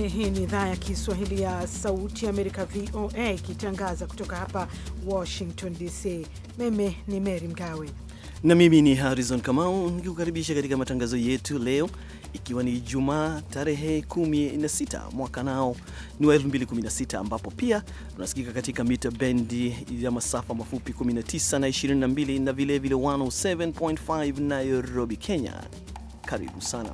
Eh, hii ni idhaa ya Kiswahili ya Sauti ya Amerika, VOA, ikitangaza kutoka hapa Washington DC. Mimi ni Mary Mgawe na mimi ni Harrison Kamau nikikukaribisha katika matangazo yetu leo, ikiwa ni Ijumaa tarehe 16 mwaka nao ni wa 2016, ambapo pia tunasikika katika mita bendi ya masafa mafupi 19 na 22 na vilevile 107.5 Nairobi, Kenya. Karibu sana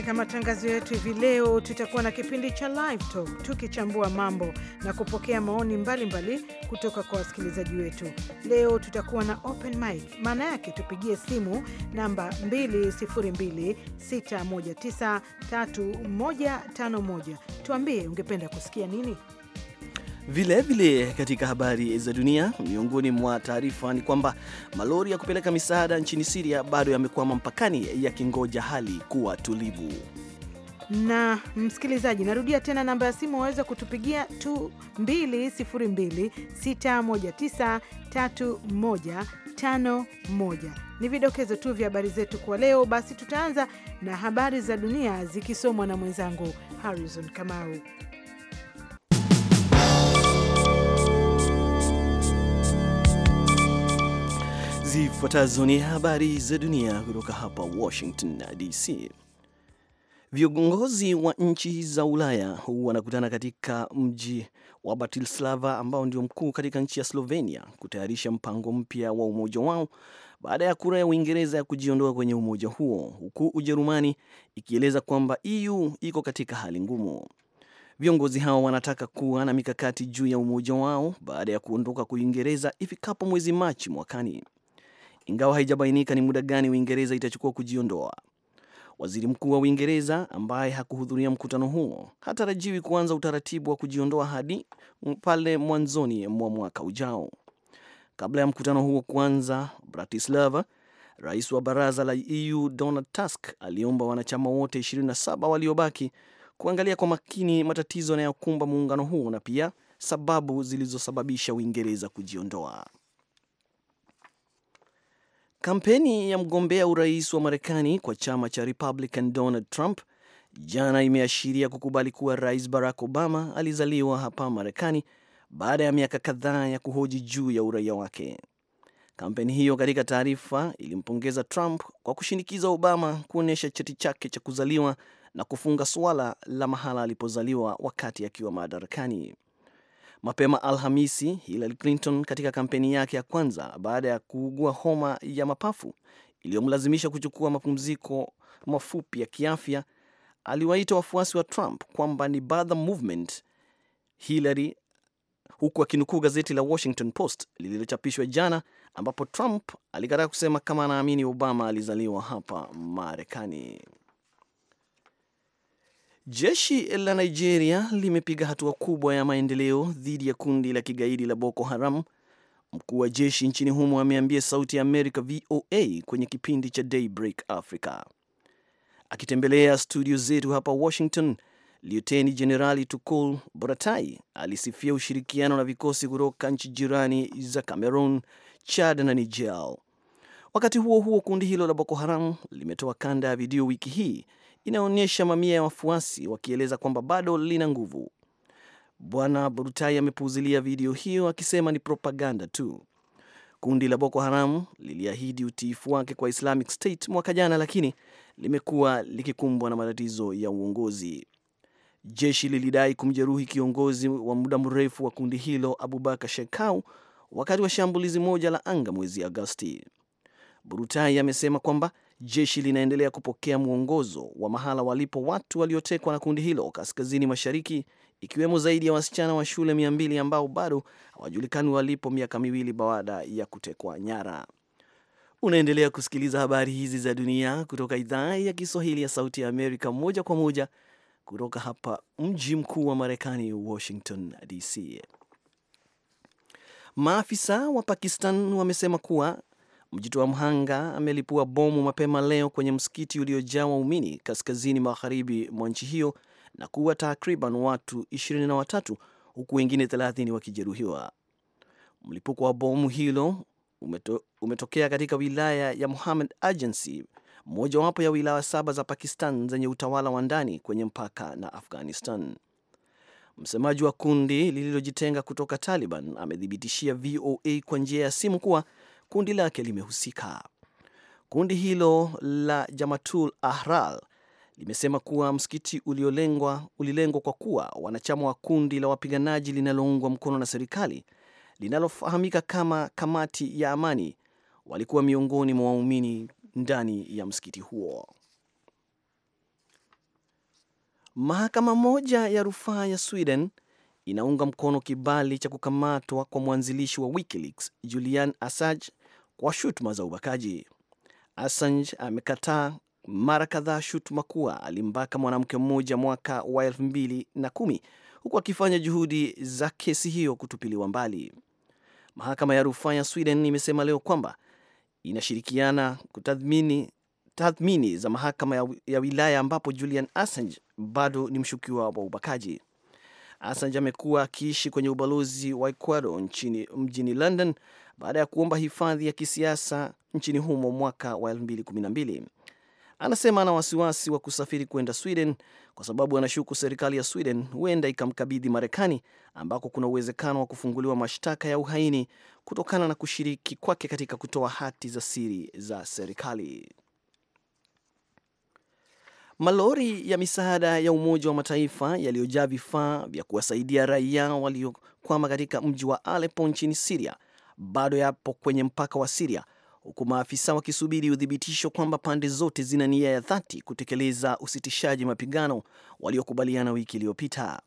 Katika matangazo yetu hivi leo tutakuwa na kipindi cha live talk tukichambua mambo na kupokea maoni mbalimbali mbali kutoka kwa wasikilizaji wetu. Leo tutakuwa na open mic, maana yake tupigie simu namba 3151 tuambie ungependa kusikia nini. Vilevile vile katika habari za dunia, miongoni mwa taarifa ni kwamba malori ya kupeleka misaada nchini Siria bado yamekwama mpakani yakingoja hali kuwa tulivu. Na msikilizaji, narudia tena namba ya simu waweza kutupigia tu 2026193151 ni vidokezo tu vya habari zetu kwa leo. Basi tutaanza na habari za dunia zikisomwa na mwenzangu Harrison Kamau. Zifuatazo ni habari za dunia kutoka hapa Washington DC. Viongozi wa nchi za Ulaya wanakutana katika mji wa Bratislava ambao ndio mkuu katika nchi ya Slovenia kutayarisha mpango mpya wa umoja wao baada ya kura ya Uingereza ya kujiondoa kwenye umoja huo, huku Ujerumani ikieleza kwamba EU iko katika hali ngumu. Viongozi hao wanataka kuwa na mikakati juu ya umoja wao baada ya kuondoka kwa Uingereza ifikapo mwezi Machi mwakani ingawa haijabainika ni muda gani Uingereza itachukua kujiondoa. Waziri Mkuu wa Uingereza ambaye hakuhudhuria mkutano huo hatarajiwi kuanza utaratibu wa kujiondoa hadi pale mwanzoni mwa mwaka ujao. Kabla ya mkutano huo kuanza Bratislava, rais wa baraza la EU Donald Tusk aliomba wanachama wote 27 waliobaki kuangalia kwa makini matatizo yanayokumba muungano huo na pia sababu zilizosababisha Uingereza kujiondoa. Kampeni ya mgombea urais wa Marekani kwa chama cha Republican Donald Trump jana imeashiria kukubali kuwa Rais Barack Obama alizaliwa hapa Marekani baada ya miaka kadhaa ya kuhoji juu ya uraia wake. Kampeni hiyo katika taarifa ilimpongeza Trump kwa kushinikiza Obama kuonyesha cheti chake cha kuzaliwa na kufunga suala la mahala alipozaliwa wakati akiwa madarakani. Mapema Alhamisi, Hillary Clinton katika kampeni yake ya kwanza baada ya kuugua homa ya mapafu iliyomlazimisha kuchukua mapumziko mafupi ya kiafya, aliwaita wafuasi wa Trump kwamba ni birther movement Hillary, huku akinukuu gazeti la Washington Post lililochapishwa jana, ambapo Trump alikataa kusema kama anaamini Obama alizaliwa hapa Marekani. Jeshi la Nigeria limepiga hatua kubwa ya maendeleo dhidi ya kundi la kigaidi la Boko Haram. Mkuu wa jeshi nchini humo ameambia Sauti ya Amerika VOA kwenye kipindi cha Daybreak Africa. Akitembelea studio zetu hapa Washington, liuteni Jenerali Tukul Boratai alisifia ushirikiano na vikosi kutoka nchi jirani za Cameroon, Chad na Niger. Wakati huo huo, kundi hilo la Boko Haram limetoa kanda ya video wiki hii inaonyesha mamia ya wafuasi wakieleza kwamba bado lina nguvu. Bwana Brutai amepuuzilia video hiyo akisema ni propaganda tu. Kundi la Boko Haram liliahidi utiifu wake kwa Islamic State mwaka jana, lakini limekuwa likikumbwa na matatizo ya uongozi. Jeshi lilidai kumjeruhi kiongozi wa muda mrefu wa kundi hilo Abubakar Shekau wakati wa shambulizi moja la anga mwezi Agosti. Burutai amesema kwamba Jeshi linaendelea kupokea mwongozo wa mahala walipo watu waliotekwa na kundi hilo kaskazini mashariki, ikiwemo zaidi ya wasichana wa shule m2 ambao bado hawajulikani walipo miaka miwili baada ya kutekwa nyara. Unaendelea kusikiliza habari hizi za dunia kutoka idhaa ya Kiswahili ya Sauti ya Amerika, moja kwa moja kutoka hapa mji mkuu wa Marekani, Washington DC. Maafisa wa Pakistan wamesema kuwa Mjitu wa Mhanga amelipua bomu mapema leo kwenye msikiti uliojaa waumini kaskazini magharibi mwa nchi hiyo na kuua takriban watu 23 huku wengine 30 wakijeruhiwa. Mlipuko wa bomu hilo umeto, umetokea katika wilaya ya Muhammad Agency, mojawapo ya wilaya saba za Pakistan zenye utawala wa ndani kwenye mpaka na Afghanistan. Msemaji wa kundi lililojitenga kutoka Taliban amethibitishia VOA kwa njia ya simu kuwa kundi lake limehusika. Kundi hilo la Jamatul ahral limesema kuwa msikiti uliolengwa ulilengwa kwa kuwa wanachama wa kundi la wapiganaji linaloungwa mkono na serikali linalofahamika kama Kamati ya Amani walikuwa miongoni mwa waumini ndani ya msikiti huo. Mahakama moja ya rufaa ya Sweden inaunga mkono kibali cha kukamatwa kwa mwanzilishi wa WikiLeaks Julian Assange kwa shutuma za ubakaji. Assange amekataa mara kadhaa shutuma kuwa alimbaka mwanamke mmoja mwaka wa elfu mbili na kumi huku akifanya juhudi za kesi hiyo kutupiliwa mbali. Mahakama ya rufaa ya Sweden imesema leo kwamba inashirikiana kutathmini tathmini za mahakama ya, ya wilaya ambapo Julian Assange bado ni mshukiwa wa ubakaji. Assange amekuwa akiishi kwenye ubalozi wa Ecuador nchini mjini London baada ya kuomba hifadhi ya kisiasa nchini humo mwaka wa 2012. Anasema ana wasiwasi wa kusafiri kwenda Sweden kwa sababu anashuku serikali ya Sweden huenda ikamkabidhi Marekani, ambako kuna uwezekano wa kufunguliwa mashtaka ya uhaini kutokana na kushiriki kwake katika kutoa hati za siri za serikali. Malori ya misaada ya Umoja wa Mataifa yaliyojaa vifaa vya kuwasaidia raia waliokwama katika mji wa alepo nchini siria bado yapo kwenye mpaka wa Siria, huku maafisa wakisubiri uthibitisho kwamba pande zote zina nia ya dhati kutekeleza usitishaji mapigano waliokubaliana wiki iliyopita.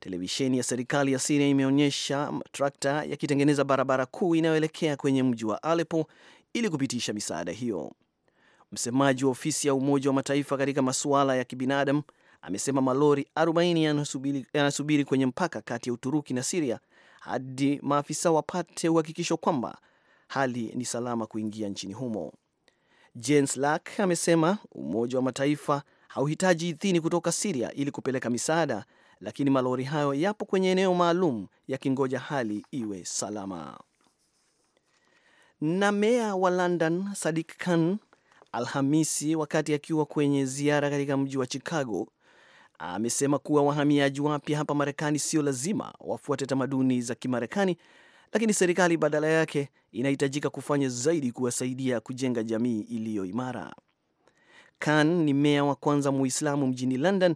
Televisheni ya serikali ya Siria imeonyesha matrakta yakitengeneza barabara kuu inayoelekea kwenye mji wa alepo ili kupitisha misaada hiyo. Msemaji wa ofisi ya Umoja wa Mataifa katika masuala ya kibinadamu amesema malori 40 yanasubiri kwenye mpaka kati ya Uturuki na Siria hadi maafisa wapate uhakikisho kwamba hali ni salama kuingia nchini humo. james Lack amesema Umoja wa Mataifa hauhitaji idhini kutoka Siria ili kupeleka misaada, lakini malori hayo yapo kwenye eneo maalum yakingoja hali iwe salama. Na meya wa London Sadiq Khan Alhamisi, wakati akiwa kwenye ziara katika mji wa Chicago, amesema kuwa wahamiaji wapya hapa Marekani sio lazima wafuate tamaduni za Kimarekani, lakini serikali badala yake inahitajika kufanya zaidi kuwasaidia kujenga jamii iliyo imara. Khan ni meya wa kwanza Muislamu mjini London,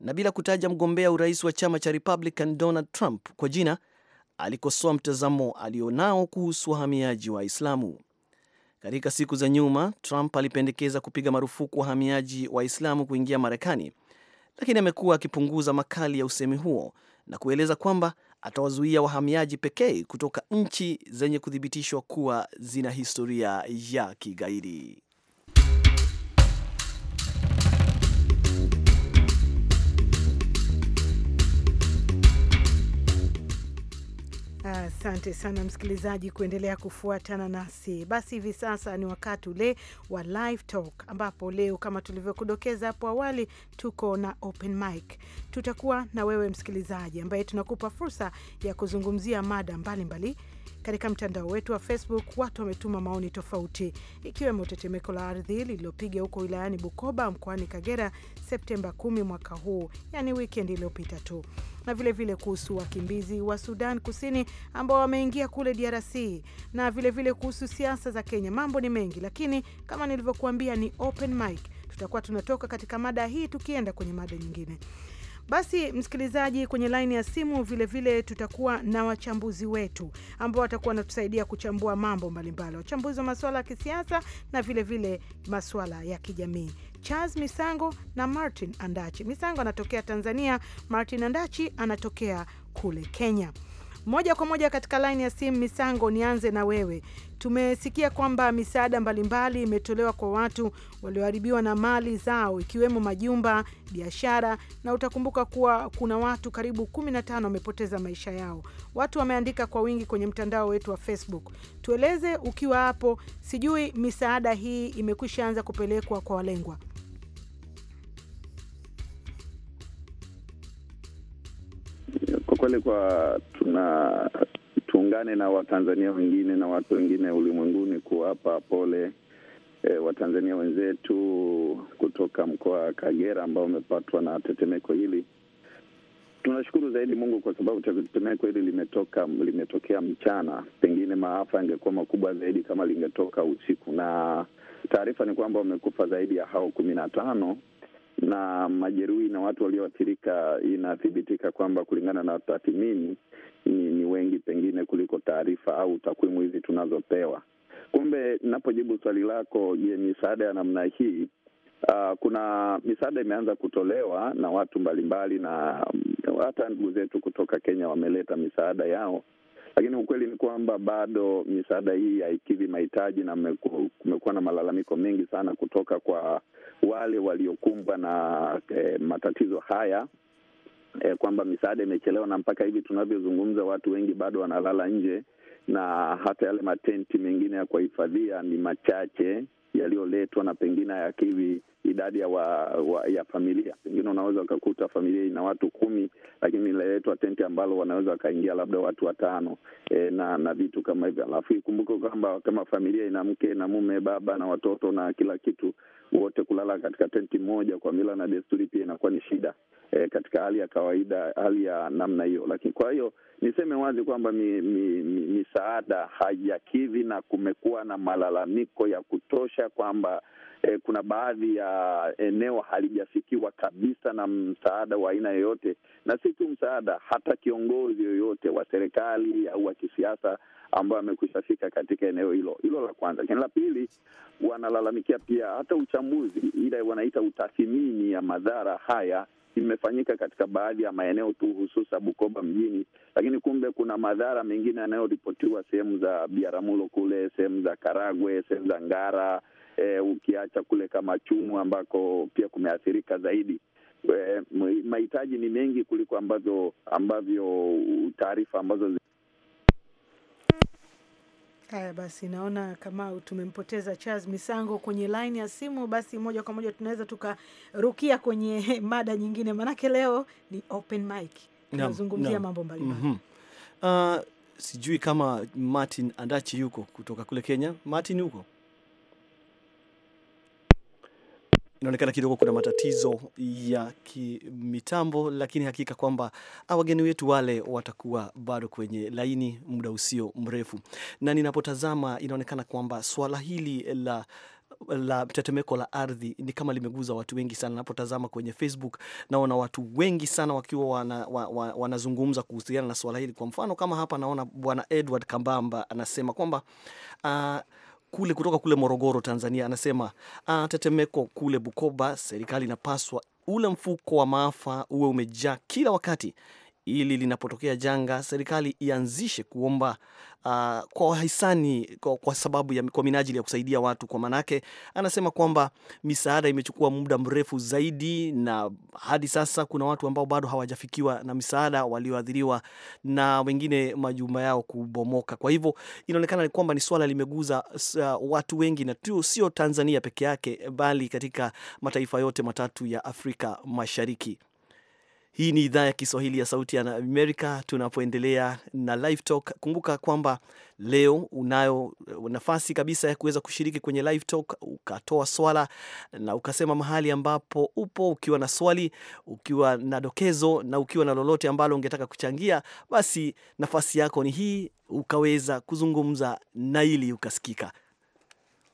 na bila kutaja mgombea urais wa chama cha Republican Donald Trump kwa jina, alikosoa mtazamo alionao kuhusu wahamiaji Waislamu. Katika siku za nyuma, Trump alipendekeza kupiga marufuku wahamiaji Waislamu kuingia Marekani lakini amekuwa akipunguza makali ya usemi huo na kueleza kwamba atawazuia wahamiaji pekee kutoka nchi zenye kuthibitishwa kuwa zina historia ya kigaidi. Asante sana msikilizaji kuendelea kufuatana nasi. Basi hivi sasa ni wakati ule wa live talk, ambapo leo kama tulivyokudokeza hapo awali, tuko na open mic. Tutakuwa na wewe msikilizaji, ambaye tunakupa fursa ya kuzungumzia mada mbalimbali mbali katika mtandao wetu wa Facebook watu wametuma maoni tofauti, ikiwemo tetemeko la ardhi lililopiga huko wilayani Bukoba mkoani Kagera Septemba 10 mwaka huu, yani wikendi iliyopita tu, na vilevile kuhusu wakimbizi wa Sudan Kusini ambao wameingia kule DRC na vilevile kuhusu siasa za Kenya. Mambo ni mengi, lakini kama nilivyokuambia ni open mic, tutakuwa tunatoka katika mada hii tukienda kwenye mada nyingine. Basi msikilizaji, kwenye laini ya simu vilevile vile tutakuwa na wachambuzi wetu ambao watakuwa wanatusaidia kuchambua mambo mbalimbali, wachambuzi wa masuala ya kisiasa na vilevile vile masuala ya kijamii. Charles Misango na Martin Andachi. Misango anatokea Tanzania, Martin Andachi anatokea kule Kenya. Moja kwa moja katika laini ya simu, Misango, nianze na wewe. Tumesikia kwamba misaada mbalimbali imetolewa kwa watu walioharibiwa na mali zao ikiwemo majumba, biashara, na utakumbuka kuwa kuna watu karibu kumi na tano wamepoteza maisha yao. Watu wameandika kwa wingi kwenye mtandao wetu wa Facebook. Tueleze ukiwa hapo, sijui misaada hii imekwisha anza kupelekwa kwa walengwa. kweli kwa tuna tuungane na Watanzania wengine na watu wengine ulimwenguni kuwapa pole e, Watanzania wenzetu kutoka mkoa wa Kagera ambao wamepatwa na tetemeko hili. Tunashukuru zaidi Mungu kwa sababu tetemeko hili limetoka limetokea mchana, pengine maafa yangekuwa makubwa zaidi kama lingetoka usiku, na taarifa ni kwamba wamekufa zaidi ya hao kumi na tano na majeruhi na watu walioathirika inathibitika kwamba kulingana na tathmini ni, ni wengi pengine kuliko taarifa au takwimu hizi tunazopewa. Kumbe napojibu swali lako, je, misaada ya namna hii uh, kuna misaada imeanza kutolewa na watu mbalimbali na hata ndugu zetu kutoka Kenya wameleta misaada yao, lakini ukweli ni kwamba bado misaada hii haikidhi mahitaji na kumekuwa na malalamiko mengi sana kutoka kwa wale waliokumbwa na eh, matatizo haya eh, kwamba misaada imechelewa, na mpaka hivi tunavyozungumza watu wengi bado wanalala nje, na hata yale matenti mengine ya kuwahifadhia ni machache yaliyoletwa na pengine hayakivi idadi ya, wa, wa, ya familia. Pengine unaweza ukakuta familia ina watu kumi, lakini inaletwa tenti ambalo wanaweza wakaingia labda watu watano e, na na vitu kama hivyo. Alafu ikumbuke kwamba kama familia ina mke na mume, baba na watoto na kila kitu, wote kulala katika tenti moja kwa mila na desturi pia inakuwa ni shida e, katika hali ya kawaida, hali ya namna hiyo. Lakini kwa hiyo niseme wazi kwamba mi, mi, mi, haijakidhi na kumekuwa na malalamiko ya kutosha kwamba eh, kuna baadhi ya eneo halijafikiwa kabisa na msaada wa aina yoyote, na si tu msaada, hata kiongozi yoyote wa serikali au wa kisiasa ambayo amekwisha fika katika eneo hilo. Hilo la kwanza. Lakini la pili, wanalalamikia pia hata uchambuzi, ile wanaita utathimini ya madhara haya imefanyika katika baadhi ya maeneo tu, hususa Bukoba mjini, lakini kumbe kuna madhara mengine yanayoripotiwa sehemu za Biaramulo kule, sehemu za Karagwe, sehemu za Ngara, e, ukiacha kule kama Chumu ambako pia kumeathirika zaidi. E, mahitaji ni mengi kuliko ambazo ambavyo taarifa ambazo zi... Haya basi, naona kama tumempoteza Charles Misango kwenye laini ya simu. Basi moja kwa moja tunaweza tukarukia kwenye mada nyingine, maanake leo ni open mic, tunazungumzia mambo mbalimbali mm -hmm. Uh, sijui kama Martin Andachi yuko kutoka kule Kenya. Martin, yuko inaonekana kidogo kuna matatizo ya kimitambo, lakini hakika kwamba ah, wageni wetu wale watakuwa bado kwenye laini muda usio mrefu, na ninapotazama inaonekana kwamba swala hili la la tetemeko la ardhi ni kama limeguza watu wengi sana. Napotazama kwenye Facebook naona watu wengi sana wakiwa wanazungumza wa, wanazungumza kuhusiana na swala hili. Kwa mfano kama hapa naona Bwana Edward Kambamba anasema kwamba uh, kule kutoka kule Morogoro, Tanzania, anasema ah, tetemeko kule Bukoba, serikali inapaswa ule mfuko wa maafa uwe umejaa kila wakati ili linapotokea janga serikali ianzishe kuomba uh, kwa wahisani kwa, kwa sababu ya, kwa minajili ya kusaidia watu. Kwa manake anasema kwamba misaada imechukua muda mrefu zaidi, na hadi sasa kuna watu ambao bado hawajafikiwa na misaada, walioathiriwa na wengine majumba yao kubomoka. Kwa hivyo inaonekana kwamba ni swala limeguza uh, watu wengi, na tu sio Tanzania peke yake, bali katika mataifa yote matatu ya Afrika Mashariki. Hii ni idhaa ya Kiswahili ya Sauti ya Amerika, tunapoendelea na Live Talk. Kumbuka kwamba leo unayo eh, nafasi kabisa ya kuweza kushiriki kwenye Live Talk, ukatoa swala na ukasema mahali ambapo upo, ukiwa na swali, ukiwa na dokezo na ukiwa na lolote ambalo ungetaka kuchangia, basi nafasi yako ni hii, ukaweza kuzungumza na ili ukasikika.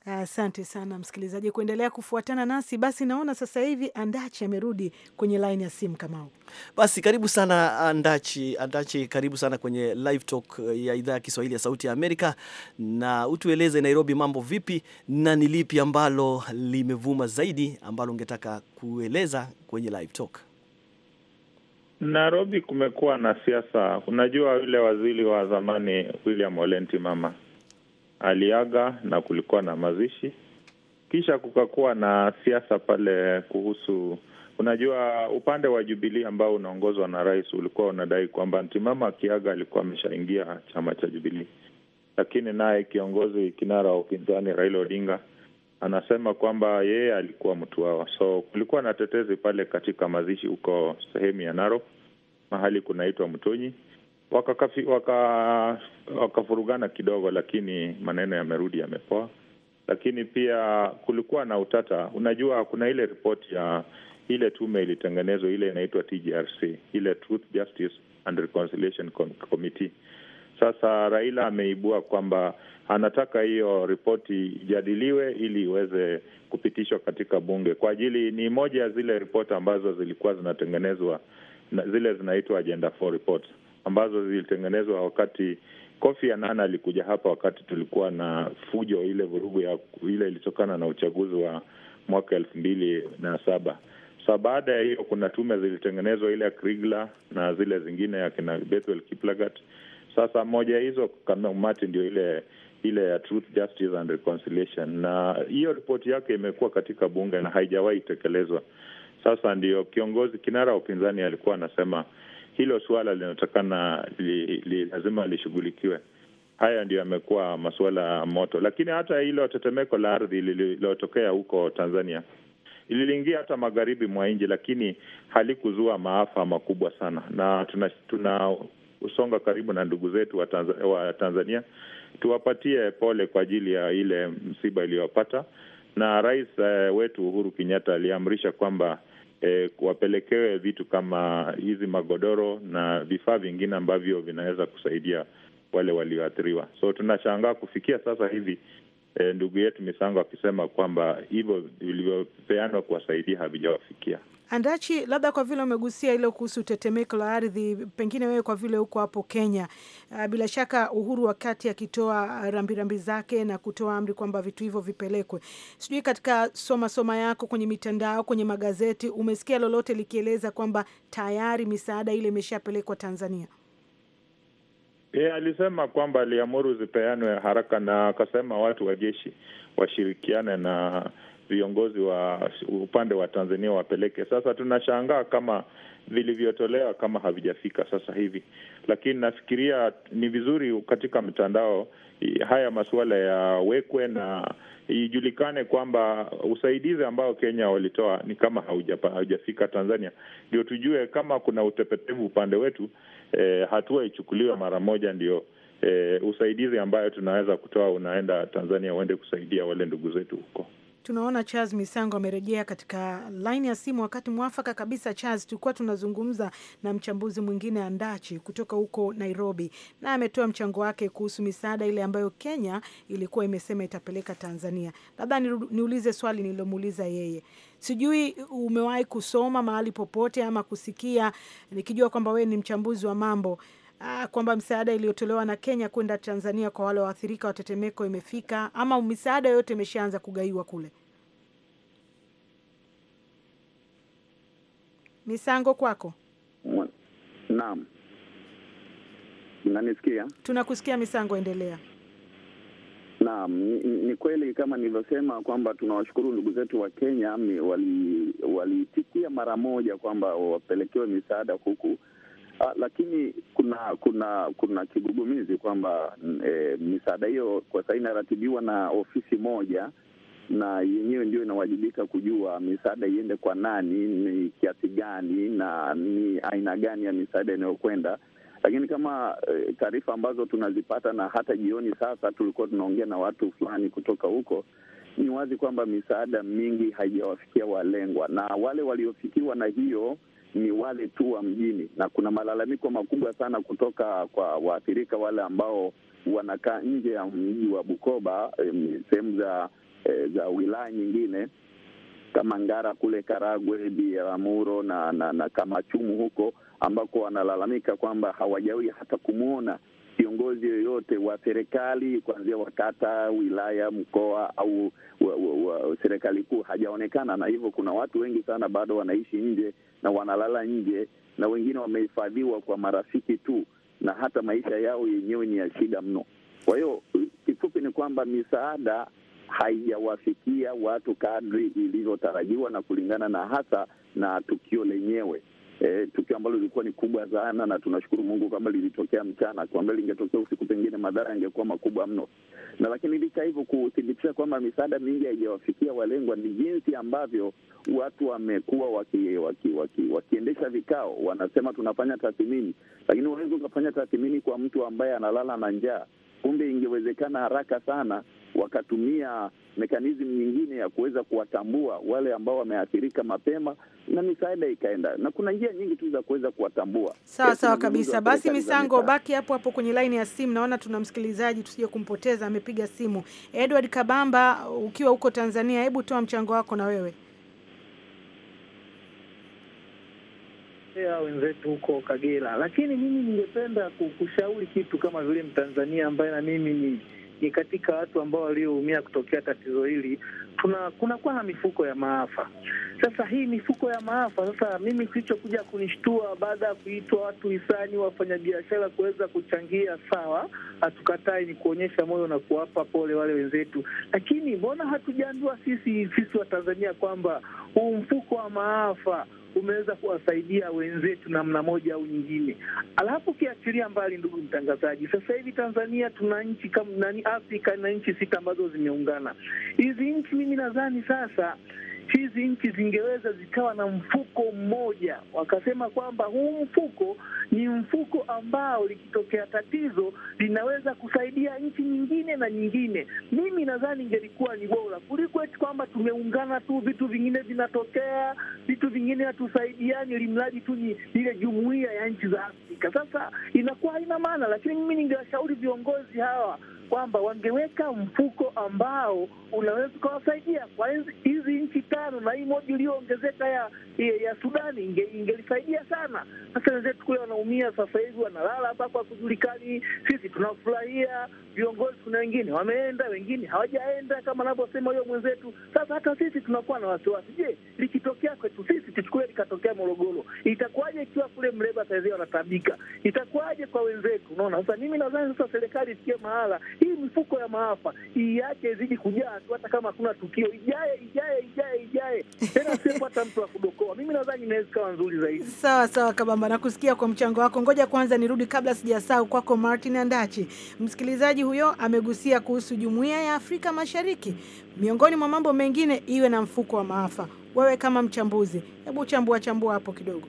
Asante uh, sana msikilizaji kuendelea kufuatana nasi. Basi naona sasa hivi Andachi amerudi kwenye laini ya simu Kamau. Basi karibu sana Andachi. Andachi, karibu sana kwenye live talk eh, ya idhaa ya Kiswahili ya Sauti ya Amerika, na utueleze Nairobi mambo vipi na ni lipi ambalo limevuma zaidi ambalo ungetaka kueleza kwenye live talk? Nairobi kumekuwa na siasa. Unajua yule waziri wa zamani William Olenti mama aliaga na kulikuwa na mazishi, kisha kukakuwa na siasa pale kuhusu Unajua, upande wa Jubilii ambao unaongozwa na rais ulikuwa unadai kwamba Ntimama akiaga alikuwa ameshaingia chama cha Jubilii, lakini naye kiongozi kinara wa upinzani Raila Odinga anasema kwamba yeye alikuwa mtu wao. So kulikuwa na tetezi pale katika mazishi huko sehemu ya Narok, mahali kunaitwa Mtonyi, wakakafi waka, waka kidogo, lakini maneno yamerudi yamepoa. Lakini pia kulikuwa na utata. Unajua, kuna ile ripoti ya ile tume ilitengenezwa ile inaitwa TGRC, ile Truth, Justice and Reconciliation Committee. Sasa Raila ameibua kwamba anataka hiyo ripoti ijadiliwe ili iweze kupitishwa katika bunge, kwa ajili ni moja ya zile ripoti ambazo zilikuwa zinatengenezwa na zile zinaitwa agenda 4 reports ambazo zilitengenezwa wakati Kofi Annan alikuja hapa, wakati tulikuwa na fujo ile, vurugu ya ile ilitokana na uchaguzi wa mwaka elfu mbili na saba. Sa baada ya hiyo kuna tume zilitengenezwa, ile ya Krigla na zile zingine ya kina Bethwel Kiplagat. Sasa moja hizo kama umati ndio ile ile ya Truth, Justice and Reconciliation, na hiyo ripoti yake imekuwa katika bunge na haijawahi tekelezwa. Sasa ndio kiongozi kinara wa upinzani alikuwa anasema hilo suala linatakana li, li, lazima lishughulikiwe. Haya ndio yamekuwa masuala moto, lakini hata hilo tetemeko la ardhi lililotokea huko Tanzania liliingia hata magharibi mwa nchi, lakini halikuzua maafa makubwa sana, na tuna, tuna usonga karibu na ndugu zetu wa Tanzania, wa Tanzania tuwapatie pole kwa ajili ya ile msiba iliyopata, na rais eh, wetu Uhuru Kenyatta aliamrisha kwamba e, wapelekewe vitu kama hizi magodoro na vifaa vingine ambavyo vinaweza kusaidia wale walioathiriwa. So tunashangaa kufikia sasa hivi e, ndugu yetu Misango akisema kwamba hivyo vilivyopeanwa kuwasaidia havijawafikia. Andachi, labda kwa vile umegusia hilo kuhusu tetemeko la ardhi, pengine wewe kwa vile huko hapo Kenya, ah, bila shaka Uhuru wakati akitoa ah, rambirambi zake na kutoa amri kwamba vitu hivyo vipelekwe, sijui katika soma soma yako kwenye mitandao, kwenye magazeti, umesikia lolote likieleza kwamba tayari misaada ile imeshapelekwa Tanzania? Ye, eh, alisema kwamba aliamuru zipeanwe haraka na akasema watu wa jeshi washirikiane na viongozi wa upande wa Tanzania wapeleke. Sasa tunashangaa kama vilivyotolewa kama havijafika sasa hivi, lakini nafikiria ni vizuri katika mtandao haya masuala yawekwe na ijulikane kwamba usaidizi ambao Kenya walitoa ni kama haujafika Tanzania, ndio tujue kama kuna utepetevu upande wetu. E, hatua ichukuliwe mara moja, ndio e, usaidizi ambayo tunaweza kutoa unaenda Tanzania, uende kusaidia wale ndugu zetu huko. Tunaona Charles Misango amerejea katika laini ya simu wakati mwafaka kabisa. Charles, tulikuwa tunazungumza na mchambuzi mwingine Andachi kutoka huko Nairobi, na ametoa mchango wake kuhusu misaada ile ambayo Kenya ilikuwa imesema itapeleka Tanzania. Labda niulize swali nililomuuliza yeye, sijui umewahi kusoma mahali popote ama kusikia, nikijua kwamba wewe ni mchambuzi wa mambo uh, kwamba misaada iliyotolewa na Kenya kwenda Tanzania kwa wale waathirika wa tetemeko imefika ama misaada yote imeshaanza kugaiwa kule? Misango kwako. Naam, mnanisikia? Tunakusikia Misango, endelea. Naam, ni, ni kweli kama nilivyosema kwamba tunawashukuru ndugu zetu wa Kenya, walitikia wali mara moja kwamba wapelekewe misaada huku Uh, lakini kuna kuna kuna kigugumizi kwamba e, misaada hiyo kwa sasa inaratibiwa na ofisi moja, na yenyewe ndio inawajibika kujua misaada iende kwa nani, ni kiasi gani na ni aina gani ya misaada inayokwenda. Lakini kama e, taarifa ambazo tunazipata na hata jioni sasa tulikuwa tunaongea na watu fulani kutoka huko, ni wazi kwamba misaada mingi haijawafikia walengwa, na wale waliofikiwa na hiyo ni wale tu wa mjini, na kuna malalamiko makubwa sana kutoka kwa waathirika wale ambao wanakaa nje ya mji wa Bukoba, sehemu za e, za wilaya nyingine kama Ngara kule Karagwe, Biaramuro na, na, na Kamachumu huko ambako wanalalamika kwamba hawajawahi hata kumwona kiongozi yoyote wa serikali kuanzia wakata, wilaya, mkoa au serikali kuu hajaonekana, na hivyo kuna watu wengi sana bado wanaishi nje na wanalala nje, na wengine wamehifadhiwa kwa marafiki tu, na hata maisha yao yenyewe ni ya shida mno. Kwa hiyo kifupi ni kwamba misaada haijawafikia watu kadri ilivyotarajiwa na kulingana na hasa na tukio lenyewe. E, tukio ambalo lilikuwa ni kubwa sana, na tunashukuru Mungu kwamba lilitokea mchana. Kwamba lingetokea usiku, pengine madhara yangekuwa makubwa mno, na lakini licha hivyo, kuthibitisha kwamba misaada mingi haijawafikia walengwa ni jinsi ambavyo watu wamekuwa waki, waki, waki, wakiendesha vikao, wanasema tunafanya tathmini, lakini unaweza ukafanya tathmini kwa mtu ambaye analala na njaa kumbe ingewezekana haraka sana wakatumia mekanizmu nyingine ya kuweza kuwatambua wale ambao wameathirika mapema na misaada ikaenda, na kuna njia nyingi tu za kuweza kuwatambua. Sawa sawa kabisa. Basi Misango, baki hapo hapo kwenye laini ya simu. Naona tuna msikilizaji, tusije kumpoteza, amepiga simu. Edward Kabamba, ukiwa huko Tanzania, hebu toa mchango wako na wewe. kuwatetea wenzetu huko Kagera, lakini mimi ningependa kushauri kitu kama vile Mtanzania ambaye na mimi ni ni katika watu ambao walioumia kutokea tatizo hili. Tuna kunakuwa na mifuko ya maafa. Sasa hii mifuko ya maafa, sasa mimi kilichokuja kunishtua baada ya kuitwa watu hisani, wafanyabiashara kuweza kuchangia, sawa, hatukatai, ni kuonyesha moyo na kuwapa pole wale wenzetu, lakini mbona hatujaambiwa sisi sisi Watanzania kwamba huu mfuko wa maafa umeweza kuwasaidia wenzetu namna moja au nyingine. Alafu ukiachilia mbali, ndugu mtangazaji, sasa hivi Tanzania tuna nchi kama nani, Afrika na nchi sita ambazo zimeungana. Hizi nchi mimi nadhani sasa hizi nchi zingeweza zikawa na mfuko mmoja, wakasema kwamba huu mfuko ni mfuko ambao likitokea tatizo linaweza kusaidia nchi nyingine na nyingine. Mimi nadhani ingelikuwa ni bora kuliko eti kwamba tumeungana tu, vitu vingine vinatokea, vitu vingine hatusaidiani, ili mradi tu ni ile jumuiya ya nchi za Afrika. Sasa inakuwa haina maana, lakini mimi ningewashauri viongozi hawa kwamba wangeweka mfuko ambao unaweza ukawasaidia kwa hizi nchi tano, na hii moja iliyoongezeka ya, ya Sudani ingelisaidia inge sana. Sasa wenzetu kule wanaumia sasa hivi, wanalala hapa kwa kujulikani. Sisi tunafurahia viongozi, kuna wengine wameenda, wengine hawajaenda, kama anavyosema huyo mwenzetu. Sasa hata sisi tunakuwa na wasiwasi, je, likitokea kwetu sisi, tuchukule likatokea Morogoro, itakuwaje? Ikiwa kule Mreba saizi wanatabika, itakuwaje kwa wenzetu? Unaona, sasa mimi nadhani sasa serikali isikie mahala hii mifuko ya maafa iache izidi kujaa tu, hata kama hakuna tukio, ijae ijae ijae ijae tena siepata mtu wa kudokoa. Mimi nadhani inaweza ikawa nzuri zaidi. Sawa sawa, Kabamba, nakusikia kwa mchango wako. Ngoja kwanza nirudi kabla sijasahau kwako, Martin Andachi. Msikilizaji huyo amegusia kuhusu jumuiya ya Afrika Mashariki, miongoni mwa mambo mengine, iwe na mfuko wa maafa. Wewe kama mchambuzi, hebu chambua chambua hapo kidogo.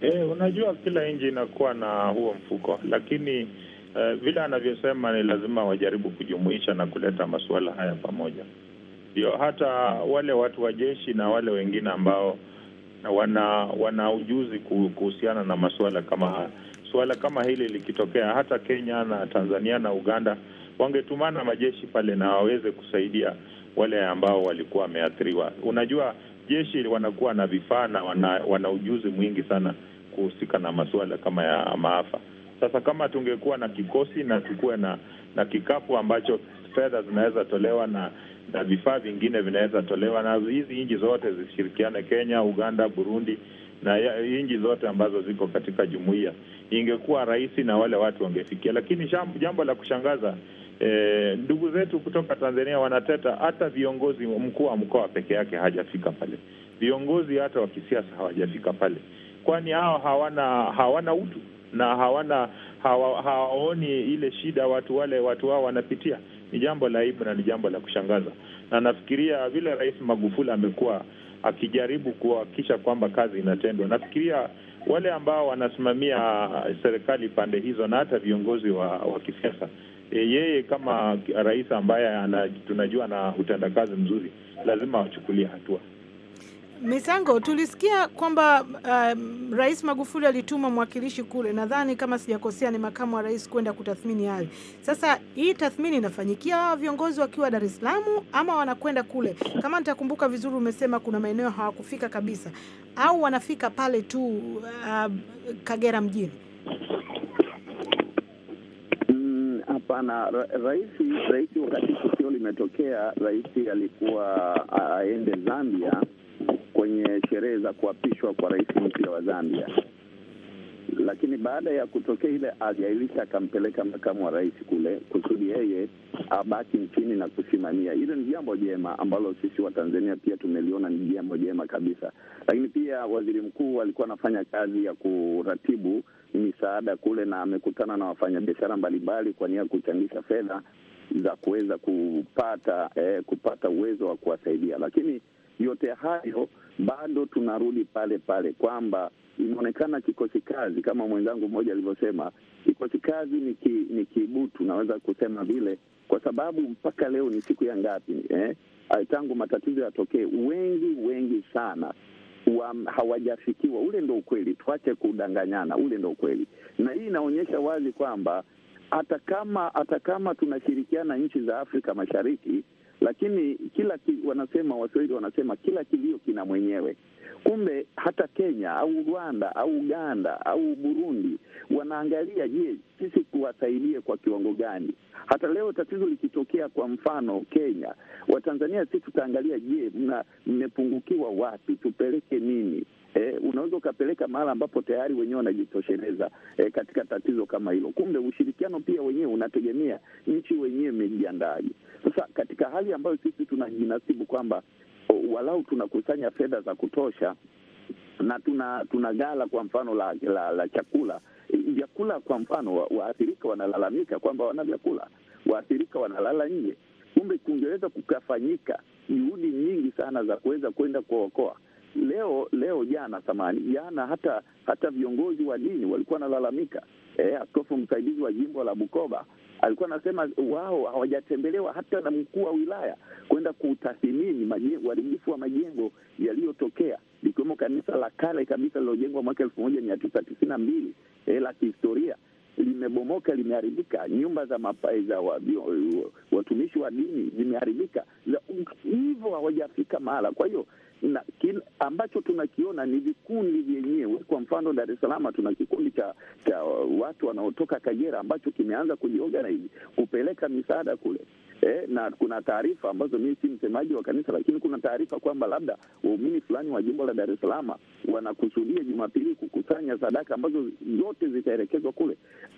Eh, unajua kila nchi inakuwa na huo mfuko lakini uh, vile anavyosema ni lazima wajaribu kujumuisha na kuleta masuala haya pamoja, ndio hata wale watu wa jeshi na wale wengine ambao wana wana ujuzi kuhusiana na masuala kama haya. Suala kama hili likitokea hata Kenya na Tanzania na Uganda wangetumana majeshi pale na waweze kusaidia wale ambao walikuwa wameathiriwa. Unajua, jeshi wanakuwa na vifaa na wana, wana ujuzi mwingi sana kuhusika na masuala kama ya maafa. Sasa kama tungekuwa na kikosi na tukuwe na na kikapu ambacho fedha zinaweza tolewa na na vifaa vingine vinaweza tolewa, na hizi nchi zote zishirikiane, Kenya, Uganda, Burundi na nchi zote ambazo ziko katika jumuiya, ingekuwa rahisi na wale watu wangefikia. Lakini jambo la kushangaza eh, ndugu zetu kutoka Tanzania wanateta, hata viongozi, mkuu wa mkoa peke yake hajafika pale, viongozi hata wa kisiasa hawajafika pale, kwani hao hawana hawana utu na hawana hawa, hawaoni ile shida watu wale watu wao wanapitia. Ni jambo la aibu na ni jambo la kushangaza, na nafikiria vile Rais Magufuli amekuwa akijaribu kuhakikisha kwamba kazi inatendwa, nafikiria wale ambao wanasimamia serikali pande hizo na hata viongozi wa, wa kisiasa e, yeye kama rais ambaye tunajua na utendakazi mzuri lazima wachukulie hatua. Misango, tulisikia kwamba um, Rais Magufuli alituma mwakilishi kule, nadhani kama sijakosea ni makamu wa rais kwenda kutathmini hali. Sasa hii tathmini inafanyikia viongozi wakiwa Dar es Salaam ama wanakwenda kule? Kama nitakumbuka vizuri, umesema kuna maeneo hawakufika kabisa, au wanafika pale tu uh, Kagera mjini? Mm, hapana, rais rais, wakati tukio limetokea, rais alikuwa aende Zambia kwenye sherehe za kuapishwa kwa rais mpya wa Zambia, lakini baada ya kutokea ile aliailisha akampeleka makamu wa rais kule kusudi yeye abaki nchini na kusimamia. Hilo ni jambo jema ambalo sisi wa Tanzania pia tumeliona ni jambo jema kabisa, lakini pia waziri mkuu alikuwa anafanya kazi ya kuratibu misaada kule na amekutana na wafanyabiashara mbalimbali kwa nia ya kuchangisha fedha za kuweza kupata eh, kupata uwezo wa kuwasaidia, lakini yote hayo bado tunarudi pale pale kwamba inaonekana kikosi kazi, kama mwenzangu mmoja alivyosema, kikosi kazi ni, ki, ni kibutu, naweza kusema vile, kwa sababu mpaka leo ni siku ya ngapi eh? Tangu matatizo yatokee, wengi wengi sana hawajafikiwa. Ule ndo ukweli, tuache kudanganyana, ule ndo ukweli, na hii inaonyesha wazi kwamba hata kama hata kama tunashirikiana nchi za Afrika Mashariki lakini kila ki, wanasema Waswahili wanasema kila kilio kina mwenyewe. Kumbe hata Kenya au Rwanda au Uganda au Burundi wanaangalia, je, sisi tuwasaidie kwa kiwango gani? Hata leo tatizo likitokea, kwa mfano Kenya, Watanzania si tutaangalia, je, mmepungukiwa wapi, tupeleke nini? E, unaweza ukapeleka mahala ambapo tayari wenyewe wanajitosheleza e, katika tatizo kama hilo. Kumbe ushirikiano pia wenyewe unategemea nchi wenyewe imejiandaaje. Sasa katika hali ambayo sisi tunajinasibu kwamba oh, walau tunakusanya fedha za kutosha na tuna tuna gala kwa mfano la, la, la chakula vyakula kwa mfano, waathirika wanalalamika kwamba wana vyakula, waathirika wanalala nje. Kumbe kungeweza kukafanyika juhudi nyingi sana za kuweza kwenda kuokoa leo leo jana samani jana hata hata viongozi wa dini walikuwa wanalalamika. eh, askofu msaidizi wa jimbo la Bukoba alikuwa anasema wao hawajatembelewa hata na mkuu wa wilaya kwenda kutathimini uharibifu wa majengo yaliyotokea likiwemo kanisa la kale kabisa lililojengwa mwaka elfu moja mia tisa tisini na mbili eh, la kihistoria limebomoka, limeharibika. Nyumba za mapa, za watumishi wa dini zimeharibika, hivyo hawajafika mahala. Kwa hiyo na kila ambacho tunakiona ni vikundi vyenyewe. Kwa mfano, Dar es Salaam tuna kikundi cha, cha watu wanaotoka Kagera ambacho kimeanza kujiorganize kupeleka misaada kule. Eh, na kuna taarifa ambazo mimi si msemaji wa kanisa, lakini kuna taarifa kwamba labda waumini fulani wa jimbo la Dar es Salaam wanakusudia Jumapili kukusanya sadaka ambazo zote zitaelekezwa kule.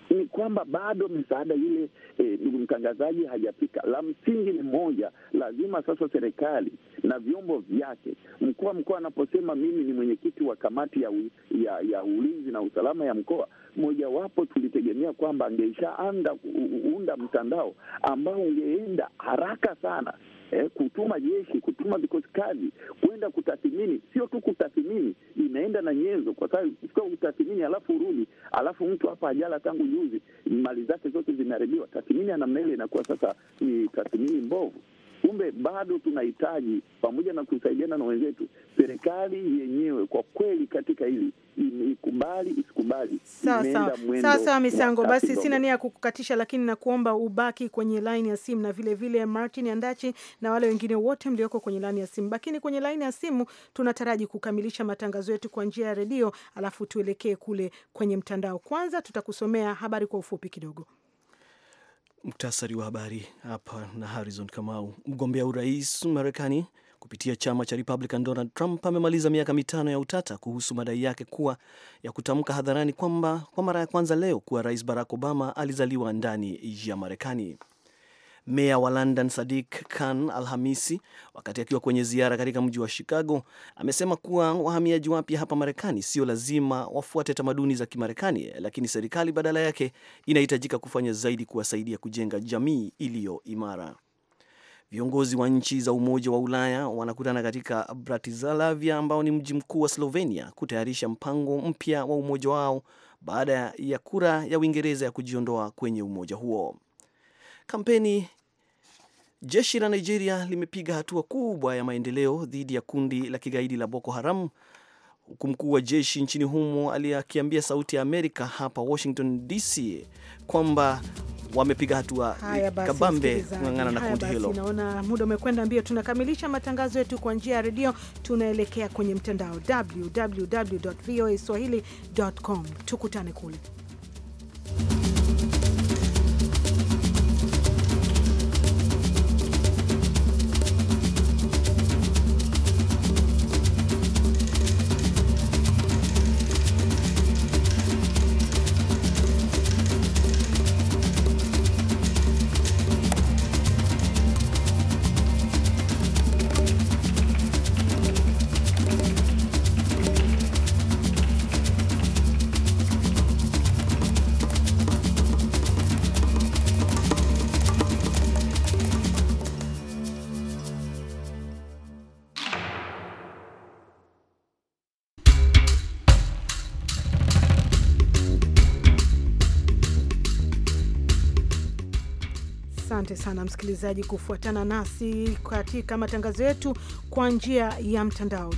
Ni kwamba bado misaada ile, eh, ndugu eh, mtangazaji, hajafika. La msingi ni moja, lazima sasa serikali na vyombo vyake Mkuu wa mkoa anaposema mimi ni mwenyekiti wa kamati ya, ya, ya ulinzi na usalama ya mkoa, mojawapo tulitegemea kwamba angeshaanda unda mtandao ambao ungeenda haraka sana eh, kutuma jeshi, kutuma vikosi kazi kwenda kutathimini. Sio tu kutathimini, inaenda na nyenzo, kwa sababu sio utathimini alafu urudi, alafu mtu hapa ajala tangu juzi, mali zake zote zimeharibiwa Tathimini ya namna ile inakuwa sasa ni tathimini mbovu. Kumbe bado tunahitaji, pamoja na kusaidiana na wenzetu, serikali yenyewe kwa kweli katika hili ikubali isikubali. Sawa sawa, Misango, basi sina nia ya kukukatisha, lakini nakuomba ubaki kwenye laini ya simu, na vile vile Martin Andachi na wale wengine wote mlioko kwenye laini ya simu, lakini kwenye laini ya simu. Tunataraji kukamilisha matangazo yetu kwa njia ya redio, alafu tuelekee kule kwenye mtandao. Kwanza tutakusomea habari kwa ufupi kidogo. Muktasari wa habari hapa na Harrison Kamau. Mgombea urais Marekani kupitia chama cha Republican Donald Trump amemaliza miaka mitano ya utata kuhusu madai yake kuwa ya kutamka hadharani kwamba kwa mara ya kwanza leo kuwa Rais Barack Obama alizaliwa ndani ya Marekani. Meya wa London Sadiq Khan Alhamisi, wakati akiwa kwenye ziara katika mji wa Chicago, amesema kuwa wahamiaji wapya hapa Marekani sio lazima wafuate tamaduni za Kimarekani, lakini serikali badala yake inahitajika kufanya zaidi kuwasaidia kujenga jamii iliyo imara. Viongozi wa nchi za Umoja wa Ulaya wanakutana katika Bratislavia, ambao ni mji mkuu wa Slovenia, kutayarisha mpango mpya wa umoja wao baada ya kura ya Uingereza ya kujiondoa kwenye umoja huo. Kampeni Jeshi la Nigeria limepiga hatua kubwa ya maendeleo dhidi ya kundi la kigaidi la Boko Haram, huku mkuu wa jeshi nchini humo aliakiambia Sauti ya Amerika hapa Washington DC kwamba wamepiga hatua kabambe kung'ang'ana na kundi hilo. Naona muda umekwenda mbio, tunakamilisha matangazo yetu kwa njia ya redio, tunaelekea kwenye mtandao www voa swahili.com. Tukutane kule. Asante sana msikilizaji kufuatana nasi katika matangazo yetu kwa njia ya mtandao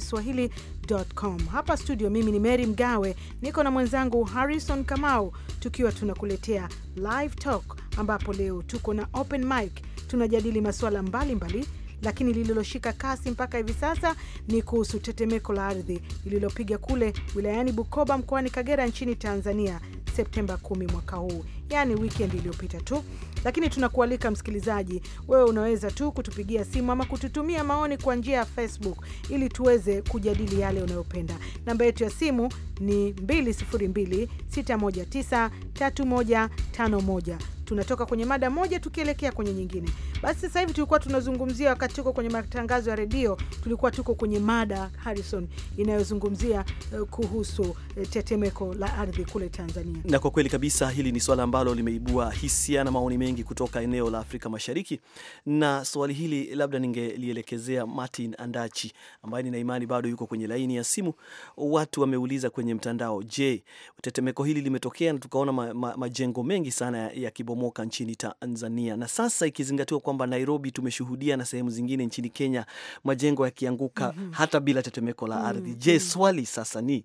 swahilicom. Hapa studio, mimi ni Mary Mgawe, niko na mwenzangu Harrison Kamau, tukiwa tunakuletea Live Talk, ambapo leo tuko na open mic, tunajadili masuala mbalimbali lakini lililoshika kasi mpaka hivi sasa ni kuhusu tetemeko la ardhi lililopiga kule wilayani Bukoba mkoani Kagera nchini Tanzania Septemba 10 mwaka huu yani weekend iliyopita tu, lakini tunakualika msikilizaji, wewe unaweza tu kutupigia simu ama kututumia maoni kwa njia ya Facebook ili tuweze kujadili yale unayopenda. Namba yetu ya simu ni 2026193151. Tunatoka kwenye mada moja tukielekea kwenye nyingine. Basi sasa hivi tulikuwa tunazungumzia, wakati tuko kwenye matangazo ya redio, tulikuwa tuko kwenye mada Harrison, inayozungumzia eh, kuhusu eh, tetemeko la ardhi kule Tanzania, na kwa kweli kabisa hili ni swala ambalo ambalo limeibua hisia na maoni mengi kutoka eneo la Afrika Mashariki, na swali hili labda ningelielekezea Martin Andachi ambaye nina imani bado yuko kwenye laini ya simu. Watu wameuliza kwenye mtandao, je, tetemeko hili limetokea na tukaona ma, ma, majengo mengi sana yakibomoka nchini Tanzania, na sasa ikizingatiwa kwamba Nairobi tumeshuhudia na sehemu zingine nchini Kenya majengo yakianguka mm -hmm. hata bila tetemeko la ardhi mm -hmm. Je, mhm. swali sasa ni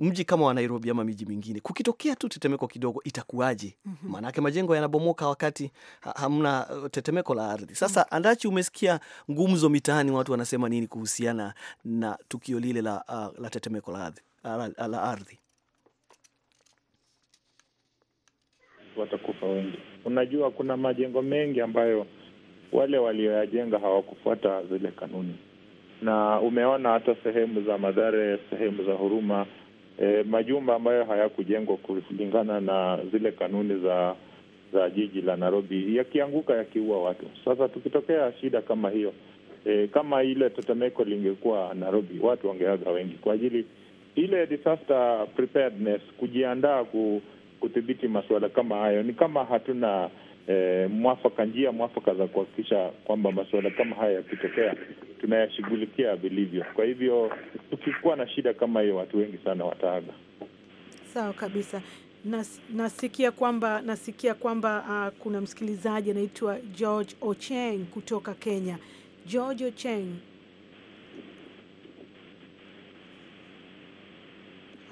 mji kama wa Nairobi ama miji mingine, kukitokea tu tetemeko kidogo itakuwaje? mm -hmm. majengo yanabomoka wakati hamna uh, tetemeko la ardhi. Sasa mm -hmm. Andachi, umesikia ngumzo mitaani, watu wanasema nini kuhusiana na tukio lile la, uh, la tetemeko la ardhi uh, la, la ardhi? Watakufa wengi. Unajua, kuna majengo mengi ambayo wale walioyajenga hawakufuata zile kanuni, na umeona hata sehemu za Madhare, sehemu za Huruma e, majumba ambayo hayakujengwa kulingana na zile kanuni za za jiji la Nairobi yakianguka yakiua watu. Sasa tukitokea shida kama hiyo e, kama ile tetemeko lingekuwa Nairobi, watu wangeaga wengi kwa ajili ile disaster preparedness, kujiandaa ku, kudhibiti masuala kama hayo. Ni kama hatuna e, mwafaka, njia mwafaka za kuhakikisha kwamba masuala kama haya yakitokea tunayashughulikia vilivyo. Kwa hivyo tukikuwa na shida kama hiyo, watu wengi sana wataaga. Sawa kabisa. Nas, nasikia kwamba nasikia kwamba uh, kuna msikilizaji anaitwa George Ocheng kutoka Kenya. George Ocheng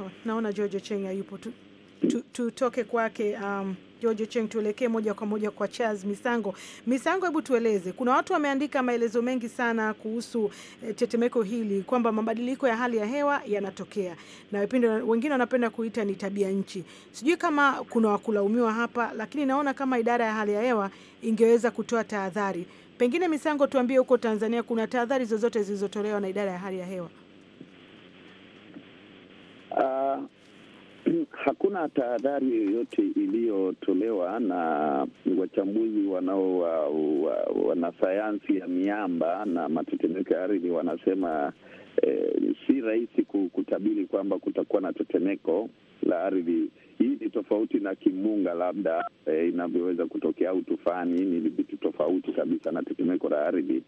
oh, naona George Ocheng hayupo, tutoke tu, tu kwake um, George Cheng, tuelekee moja kwa moja kwa Charles Misango. Misango, hebu tueleze, kuna watu wameandika maelezo mengi sana kuhusu eh, tetemeko hili kwamba mabadiliko ya hali ya hewa yanatokea na wengine wanapenda kuita ni tabia nchi. Sijui kama kuna wakulaumiwa hapa, lakini naona kama idara ya hali ya hewa ingeweza kutoa tahadhari. Pengine Misango, tuambie huko Tanzania kuna tahadhari zozote zilizotolewa na idara ya hali ya hewa? Uh, Hakuna tahadhari yoyote iliyotolewa na wachambuzi wanao wanasayansi ya miamba na matetemeko ya ardhi wanasema eh, si rahisi kutabiri kwamba kutakuwa na tetemeko la ardhi. Hii ni tofauti na kimbunga labda eh, inavyoweza kutokea au tufani. Ni vitu tofauti kabisa na tetemeko la ardhi,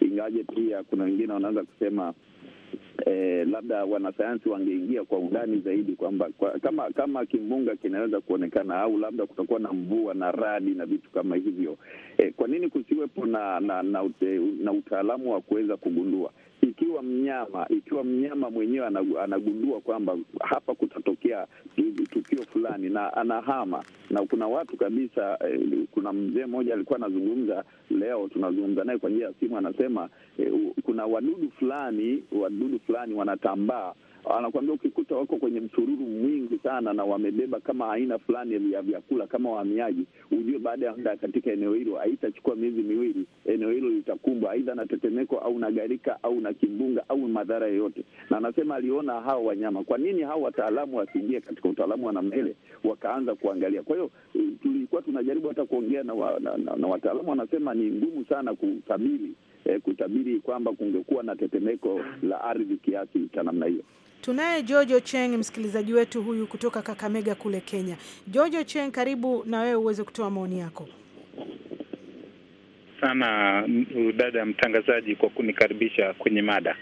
ingaje pia kuna wengine wanaweza kusema eh, labda wanasayansi wangeingia kwa undani zaidi kwamba kwa, kama kama kimbunga kinaweza kuonekana au labda kutakuwa na mvua na radi na vitu kama hivyo eh, kwa nini kusiwepo na na, na, na, na utaalamu wa kuweza kugundua ikiwa mnyama ikiwa mnyama mwenyewe anagundua kwamba hapa kutatokea tukio fulani na anahama, na kuna watu kabisa eh, kuna mzee mmoja alikuwa anazungumza leo, tunazungumza naye kwa njia ya simu, anasema eh, kuna wadudu fulani wadudu fulani wanatambaa Ah, anakuambia ukikuta wako kwenye msururu mwingi sana na wamebeba kama aina fulani ya vyakula kama wahamiaji, ujue baada ya muda katika eneo hilo, haitachukua miezi miwili, eneo hilo litakumbwa aidha na tetemeko au na gharika au na kimbunga au madhara yoyote. Na anasema aliona hawa wanyama. Kwa nini hawa wataalamu wasiingie katika utaalamu wa namna ile wakaanza kuangalia? Kwa hiyo eh, tulikuwa tunajaribu hata kuongea na, wa, na, na, na wataalamu, wanasema ni ngumu sana kutabiri eh, kutabiri kwamba kungekuwa na tetemeko la ardhi kiasi cha namna hiyo. Tunaye Jojo Cheng, msikilizaji wetu huyu kutoka Kakamega kule Kenya. Jojo Cheng, karibu na wewe uweze kutoa maoni yako sana mm, dada mtangazaji, kwa kunikaribisha kwenye mada.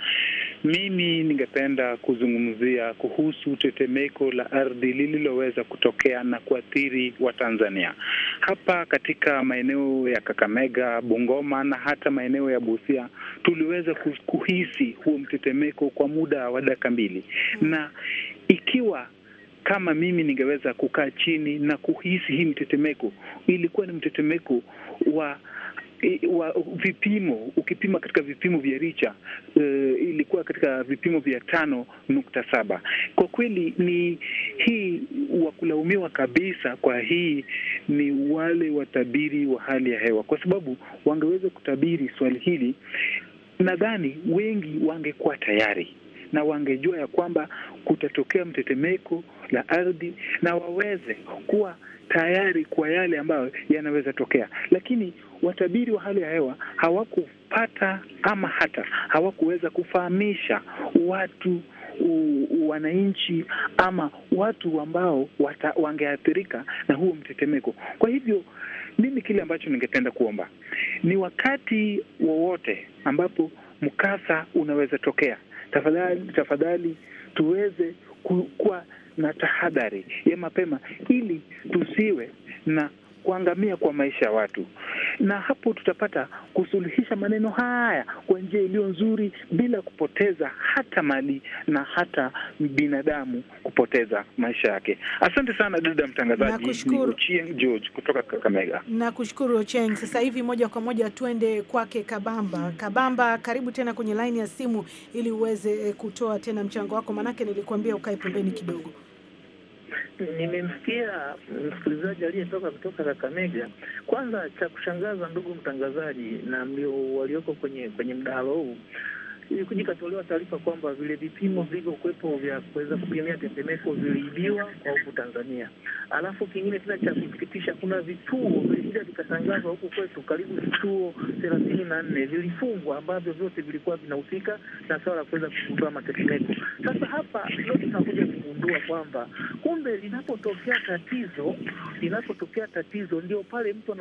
Mimi ningependa kuzungumzia kuhusu tetemeko la ardhi lililoweza kutokea na kuathiri Watanzania hapa katika maeneo ya Kakamega, Bungoma na hata maeneo ya Busia. Tuliweza kuhisi huo mtetemeko kwa muda wa dakika mbili, na ikiwa kama mimi ningeweza kukaa chini na kuhisi hii mtetemeko, ilikuwa ni mtetemeko wa wa vipimo, ukipima katika vipimo vya richa uh, ilikuwa katika vipimo vya tano nukta saba. Kwa kweli ni hii wakulaumiwa kabisa kwa hii ni wale watabiri wa hali ya hewa, kwa sababu wangeweza kutabiri swali hili, nadhani wengi wangekuwa tayari na wangejua ya kwamba kutatokea mtetemeko la ardhi na waweze kuwa tayari kwa yale ambayo yanaweza tokea, lakini watabiri wa hali ya hewa hawakupata ama hata hawakuweza kufahamisha watu wananchi ama watu ambao wangeathirika na huo mtetemeko. Kwa hivyo mimi kile ambacho ningependa kuomba ni wakati wowote ambapo mkasa unaweza tokea, tafadhali tafadhali tuweze kuwa na tahadhari ya mapema ili tusiwe na kuangamia kwa maisha ya watu, na hapo tutapata kusuluhisha maneno haya kwa njia iliyo nzuri, bila kupoteza hata mali na hata binadamu kupoteza maisha yake. Asante sana dada mtangazaji, ni Ochieng George kutoka Kakamega. Nakushukuru Ochieng. Sasa hivi moja kwa moja tuende kwake Kabamba. Kabamba, karibu tena kwenye laini ya simu ili uweze eh, kutoa tena mchango wako, maanake nilikuambia ukae pembeni kidogo. Nimemsikia msikilizaji aliyetoka kutoka Kakamega. Kwanza cha kushangaza, ndugu mtangazaji na mlio walioko kwenye kwenye mdahalo huu ilikuja ikatolewa taarifa kwamba vile vipimo vilivyokuwepo vya kuweza kupimia tetemeko viliibiwa kwa huku Tanzania. Alafu kingine tena cha kusikitisha, kuna vituo vilikuja vikatangazwa huku kwetu, karibu vituo thelathini na nne vilifungwa, ambavyo vyote vilikuwa vinahusika na swala la kuweza kugundua matetemeko. Sasa hapa ndio tunakuja kugundua kwamba kumbe linapotokea tatizo, linapotokea tatizo ndio pale mtu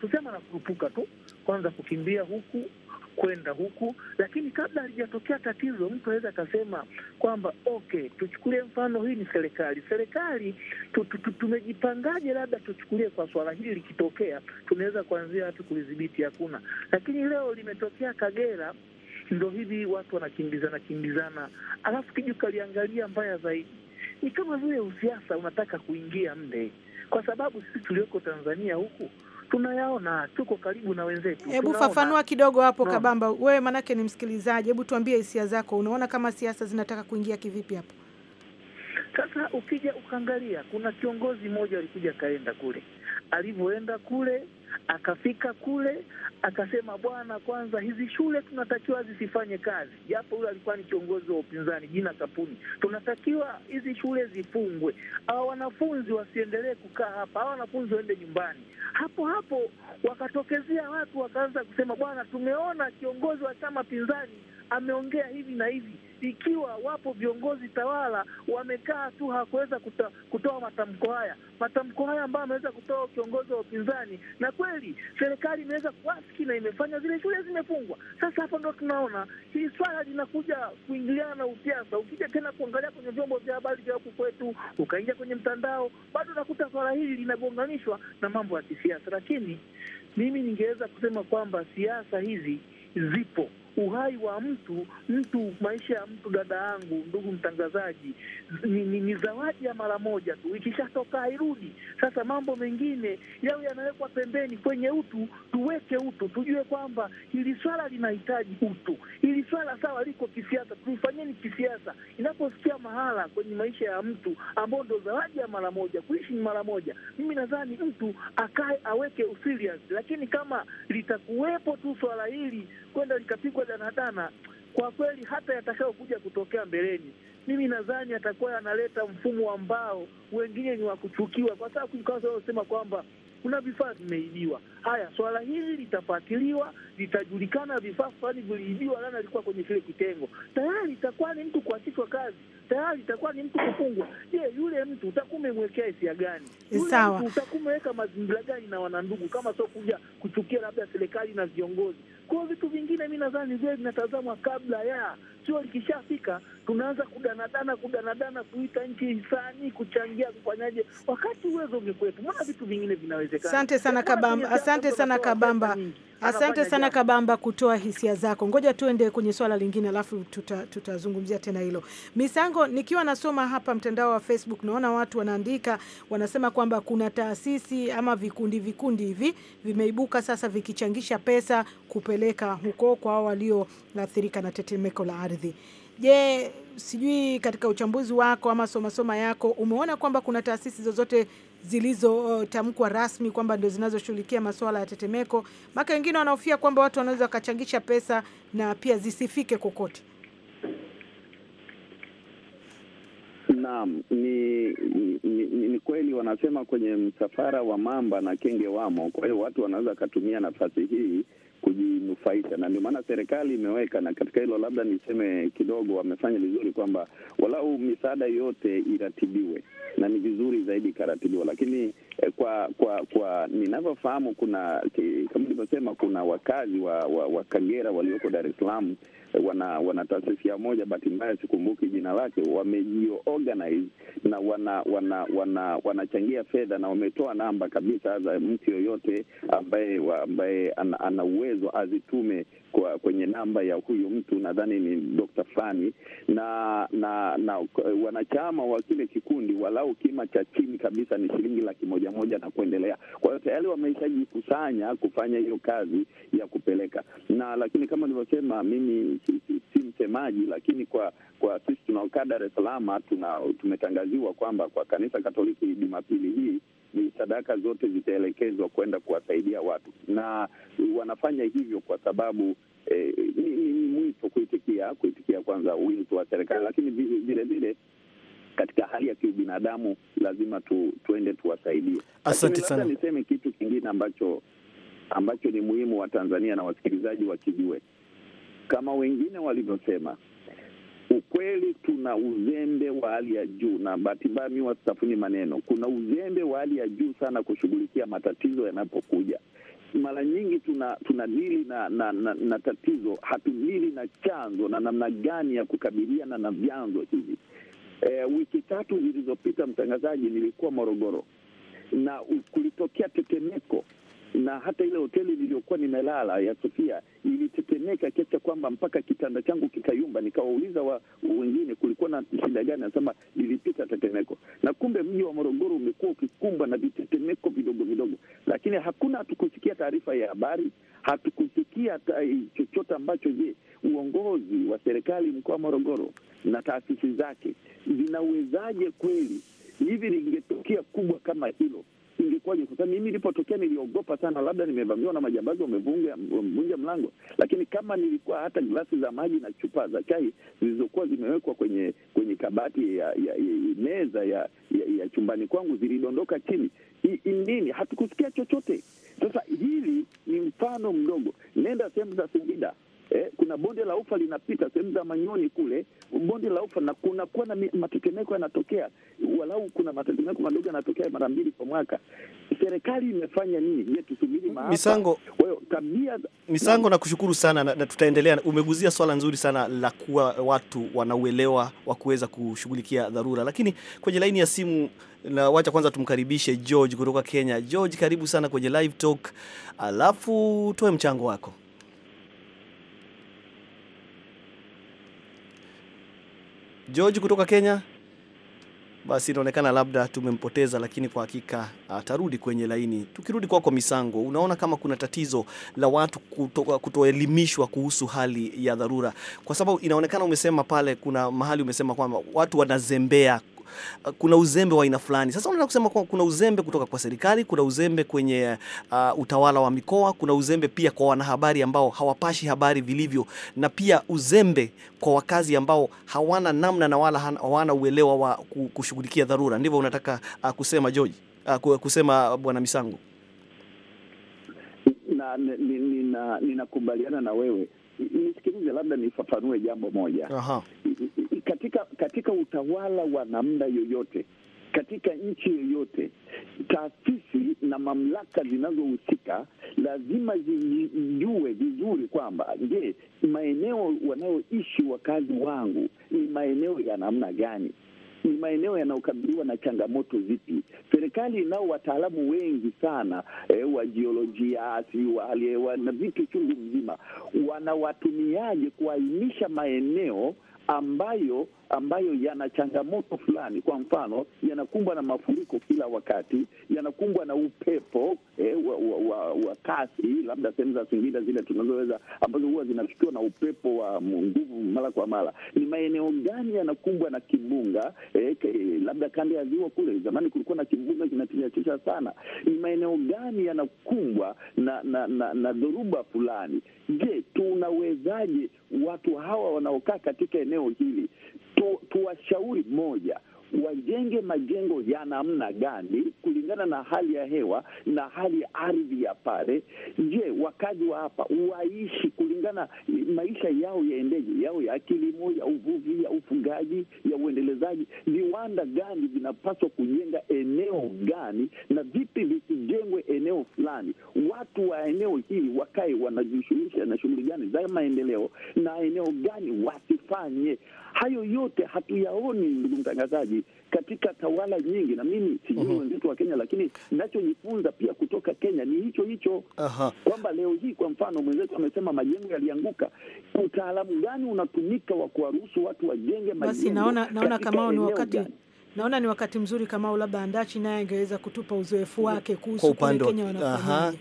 tusema anakurupuka tu, kwanza kukimbia huku kwenda huku, lakini kabla halijatokea tatizo, mtu anaweza akasema kwamba okay, tuchukulie mfano, hii ni serikali. Serikali tumejipangaje? Labda tuchukulie kwa swala hili likitokea, tunaweza kuanzia watu kulidhibiti? Hakuna. Lakini leo limetokea Kagera, ndo hivi watu wanakimbizana kimbizana, alafu kiju kaliangalia mbaya zaidi, ni kama vile usiasa unataka kuingia mle, kwa sababu sisi tulioko Tanzania huku tunayaona, tuko karibu na wenzetu. Hebu fafanua kidogo hapo no. Kabamba, wewe manake ni msikilizaji, hebu tuambie hisia zako, unaona kama siasa zinataka kuingia kivipi hapo? Sasa ukija ukaangalia, kuna kiongozi mmoja alikuja kaenda kule, alivyoenda kule Akafika kule akasema, bwana, kwanza hizi shule tunatakiwa zisifanye kazi, japo huyo alikuwa ni kiongozi wa upinzani, jina Kapuni. Tunatakiwa hizi shule zifungwe, hawa wanafunzi wasiendelee kukaa hapa, hawa wanafunzi waende nyumbani. Hapo hapo wakatokezea watu wakaanza kusema, bwana, tumeona kiongozi wa chama pinzani ameongea hivi na hivi ikiwa wapo viongozi tawala wamekaa tu hawakuweza kutoa matamko haya, matamko haya ambayo ameweza kutoa kiongozi wa upinzani, na kweli serikali imeweza kuwasiki na imefanya zile shule zimefungwa. Sasa hapa ndo tunaona hili swala linakuja kuingiliana na usiasa. Ukija tena kuangalia kwenye vyombo vya habari vya huku kwetu, ukaingia kwenye mtandao, bado unakuta swala hili linagonganishwa na mambo ya kisiasa, lakini mimi ningeweza kusema kwamba siasa hizi zipo uhai wa mtu, mtu, maisha ya mtu. Dada yangu, ndugu mtangazaji, ni, ni, ni zawadi ya mara moja tu, ikishatoka hairudi. Sasa mambo mengine yao yanawekwa pembeni. Kwenye utu tuweke utu, tujue kwamba hili swala linahitaji utu. Hili swala sawa, liko kisiasa, tuifanyeni kisiasa. inaposikia mahala kwenye maisha ya mtu ambao ndo zawadi ya mara moja, kuishi ni mara moja, mimi nadhani mtu akaa aweke serious, lakini kama litakuwepo tu swala hili kwenda likapigwa danadana, kwa kweli hata yatakayokuja kutokea mbeleni, mimi nadhani atakuwa analeta mfumo ambao wengine ni wa kuchukiwa, kwa sababu kama sema kwamba kuna vifaa vimeibiwa. Haya, swala hili litafuatiliwa, litajulikana vifaa fulani viliibiwa, lana alikuwa kwenye kile kitengo, tayari itakuwa ni mtu kuachishwa kazi, tayari itakuwa ni mtu kufungwa. Je, yule mtu utakuwa umemwekea hisia gani? Yule mtu utakuwa umeweka mazingira gani na wanandugu, kama sio kuja kuchukia labda serikali na viongozi? Kwa vitu vingine, mi nadhani vile vinatazamwa kabla ya sio likishafika tunaanza kudanadana kudanadana, kuita nchi hisani, kuchangia kufanyaje, wakati uwezo ungekwetu. Mbona vitu vingine vinawezekana? Asante sana Kabamba, asante sana Kabamba, asante sana Kabamba kutoa hisia zako. Ngoja tuende kwenye swala lingine, alafu tutazungumzia tuta tena hilo misango. Nikiwa nasoma hapa mtandao wa Facebook naona watu wanaandika, wanasema kwamba kuna taasisi ama vikundi vikundi hivi vimeibuka sasa vikichangisha pesa kupeleka huko kwa walioathirika na tetemeko la ardhi. Je, sijui katika uchambuzi wako ama somasoma yako umeona kwamba kuna taasisi zozote zilizotamkwa uh, rasmi kwamba ndio zinazoshughulikia masuala ya tetemeko? maka wengine wanahofia kwamba watu wanaweza wakachangisha pesa na pia zisifike kokote. Naam, ni, ni, ni, ni kweli wanasema kwenye msafara wa mamba na kenge wamo. Kwa hiyo watu wanaweza wakatumia nafasi hii kujinufaisha, na ndio maana serikali imeweka. Na katika hilo labda niseme kidogo, wamefanya vizuri kwamba walau misaada yote iratibiwe, na ni vizuri zaidi ikaratibiwa, lakini Eh, kwa kwa kwa ninavyofahamu, kuna kama nilivyosema, kuna wakazi wa, wa, wa Kagera walioko Dar es Salaam eh, wana wana taasisi ya moja, bahati mbaya sikumbuki jina lake, wamejiorganize na wana wanachangia wana, wana fedha na wametoa namba kabisa za mtu yoyote ambaye ambaye ana, ana uwezo azitume kwa kwenye namba ya huyu mtu, nadhani ni Dr. Fani na na na eh, wanachama wa kile kikundi walau kima cha chini kabisa ni shilingi laki moja moja moja na kuendelea. Kwa hiyo tayari wameshajikusanya kufanya hiyo kazi ya kupeleka na, lakini kama nilivyosema, mimi si, si, si msemaji, lakini kwa kwa sisi tunaokaa Dar es Salaam tuna tumetangaziwa kwamba kwa kanisa Katoliki Jumapili hii ni sadaka zote zitaelekezwa kwenda kuwasaidia watu, na wanafanya hivyo kwa sababu eh, ni, ni mwito kuitikia kuitikia kwanza wito wa serikali, lakini vilevile katika hali ya kiubinadamu lazima tu, tuende tuwasaidie. Asante sana. Niseme kitu kingine ambacho ambacho ni muhimu wa Tanzania na wasikilizaji wakijue, kama wengine walivyosema, ukweli tuna uzembe wa hali ya juu, na bahati mbaya mi wasitafuni maneno, kuna uzembe wa hali ya juu sana kushughulikia matatizo yanapokuja. Mara nyingi tuna dili na na, na na tatizo, hatudili na chanzo na namna gani ya kukabiliana na vyanzo hivi E, wiki tatu zilizopita mtangazaji, nilikuwa Morogoro na kulitokea tetemeko na hata ile hoteli niliyokuwa nimelala ya Sofia ilitetemeka kiasi cha kwamba mpaka kitanda changu kikayumba. Nikawauliza wa wengine kulikuwa na shida gani, anasema ilipita tetemeko. Na kumbe mji wa Morogoro umekuwa ukikumbwa na vitetemeko vidogo vidogo, lakini hakuna, hatukusikia taarifa ya habari, hatukusikia chochote ambacho, je, uongozi wa serikali mkoa wa Morogoro na taasisi zake zinawezaje kweli hivi lingetokea kubwa kama hilo ingekuwaje? ni sababu mimi nilipotokea niliogopa sana, labda nimevamiwa na majambazi wamevunja mlango, lakini kama nilikuwa hata glasi za maji na chupa za chai zilizokuwa zimewekwa kwenye kwenye kabati ya, ya, ya meza ya, ya, ya chumbani kwangu zilidondoka chini nini, hatukusikia chochote. Sasa hili ni mfano mdogo, nenda sehemu za Singida eh, kuna bonde la ufa linapita sehemu za Manyoni kule, bonde la ufa na kunakuwa na matetemeko yanatokea, walau kuna matetemeko madogo yanatokea mara mbili kwa mwaka. Serikali imefanya nini? Je, tusubiri maafa? Misango, wewe tabia Misango, nakushukuru sana na, na tutaendelea. Umeguzia swala nzuri sana la kuwa watu wanauelewa wa kuweza kushughulikia dharura, lakini kwenye laini ya simu na wacha kwanza tumkaribishe George kutoka Kenya. George, karibu sana kwenye live talk, alafu toe mchango wako. George kutoka Kenya. Basi inaonekana labda tumempoteza, lakini kwa hakika ah, atarudi kwenye laini. Tukirudi kwako kwa Misango, unaona kama kuna tatizo la watu kutoelimishwa kuto kuhusu hali ya dharura, kwa sababu inaonekana umesema pale, kuna mahali umesema kwamba watu wanazembea Eh, kuna uzembe wa aina fulani. Sasa unataka kusema kuna uzembe kutoka kwa serikali, kuna uzembe kwenye uh, utawala wa mikoa, kuna uzembe pia kwa wanahabari ambao hawapashi habari vilivyo, na pia uzembe kwa wakazi ambao hawana namna na wala hawana uelewa wa kushughulikia dharura. Ndivyo unataka uh, kusema George, uh, kusema Bwana Misango? Ninakubaliana na, na, na, na, na wewe nisikilize, labda nifafanue jambo moja. Aha. Katika, katika utawala wa namna yoyote katika nchi yoyote, taasisi na mamlaka zinazohusika lazima zijue vizuri kwamba, je, maeneo wanayoishi wakazi wangu ni maeneo ya namna gani? ni maeneo yanayokabiliwa na changamoto zipi. Serikali inao wataalamu wengi sana eh, wa jiolojia, si wa hali hewa na vitu chungu mzima, wanawatumiaje kuainisha maeneo ambayo ambayo yana changamoto fulani. Kwa mfano, yanakumbwa na mafuriko kila wakati, yanakumbwa na upepo eh, wa, wa, wa, wa kasi, labda sehemu za Singida zile tunazoweza ambazo huwa zinafikiwa na upepo wa nguvu mara kwa mara. Ni maeneo gani yanakumbwa na kimbunga eh, labda kanda ya ziwa kule, zamani kulikuwa na kimbunga kinatishia sana. Ni maeneo gani yanakumbwa na na, na, na dhoruba fulani? Je, tunawezaje watu hawa wanaokaa katika eneo hili tuwashauri moja wajenge majengo ya namna gani kulingana na hali ya hewa na hali ya ardhi ya pale. Je, wakazi wa hapa waishi kulingana maisha yao yaendeje, yao ya kilimo, ya uvuvi, ya ufugaji, ya uendelezaji? Viwanda gani vinapaswa kujenga eneo gani, na vipi visijengwe eneo fulani? Watu wa eneo hili wakae wanajishughulisha na shughuli gani za maendeleo na eneo gani wasifanye? Hayo yote hatuyaoni, ndugu mtangazaji katika tawala nyingi, na mimi sijui mm -hmm. wenzetu wa Kenya, lakini ninachojifunza pia kutoka Kenya ni hicho hicho kwamba leo hii kwa mfano mwenzetu amesema majengo yalianguka. Utaalamu gani unatumika wa kuwaruhusu watu wajenge majengo? Basi naona, naona kama ni wakati gani? Naona ni wakati mzuri kama labda Andachi naye angeweza kutupa uzoefu wake kuhusu Kenya wanafanya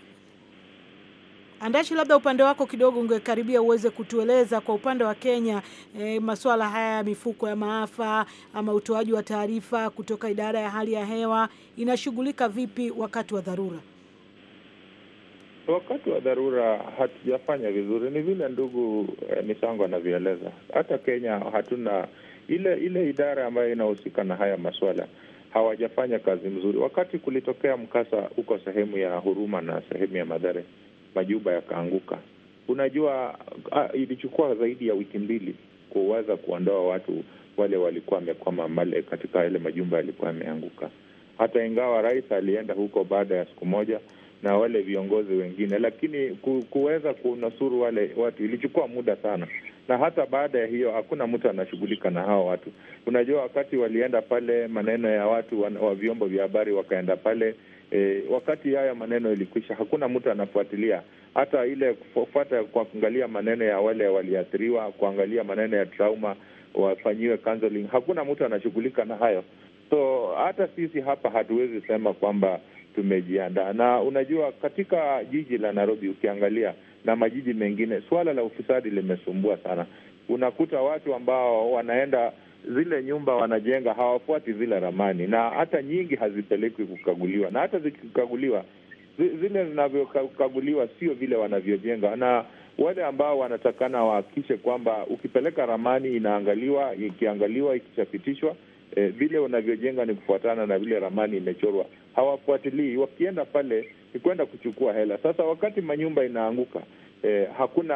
andashi labda upande wako kidogo ungekaribia uweze kutueleza kwa upande wa Kenya e, eh, masuala haya ya mifuko ya maafa ama utoaji wa taarifa kutoka idara ya hali ya hewa inashughulika vipi wakati wa dharura? Wakati wa dharura hatujafanya vizuri, ni vile ndugu eh, Misango anavyoeleza. Hata Kenya hatuna ile ile idara ambayo inahusika na haya masuala hawajafanya kazi mzuri. Wakati kulitokea mkasa huko sehemu ya Huruma na sehemu ya Madhare, majumba yakaanguka. Unajua, ah, ilichukua zaidi ya wiki mbili kuweza kuondoa watu wale walikuwa wamekwama male katika yale majumba yalikuwa yameanguka, hata ingawa rais alienda huko baada ya siku moja na wale viongozi wengine, lakini ku, kuweza kunusuru wale watu ilichukua muda sana, na hata baada ya hiyo hakuna mtu anashughulika na hao watu. Unajua, wakati walienda pale, maneno ya watu wa vyombo vya habari wakaenda pale E, wakati haya maneno ilikwisha, hakuna mtu anafuatilia hata ile kufuata kwa kuangalia maneno ya wale waliathiriwa, kuangalia maneno ya trauma wafanyiwe counseling. Hakuna mtu anashughulika na hayo, so hata sisi hapa hatuwezi sema kwamba tumejiandaa. Na unajua katika jiji la Nairobi ukiangalia na majiji mengine, suala la ufisadi limesumbua sana. Unakuta watu ambao wanaenda zile nyumba wanajenga hawafuati zile ramani, na hata nyingi hazipelekwi kukaguliwa, na hata zikikaguliwa zile zinavyokaguliwa sio vile wanavyojenga, na wale ambao wanatakana wahakikishe kwamba ukipeleka ramani inaangaliwa, ikiangaliwa, ikishapitishwa e, vile unavyojenga ni kufuatana na vile ramani imechorwa. Hawafuatilii, wakienda pale ni kwenda kuchukua hela. Sasa wakati manyumba inaanguka eh, hakuna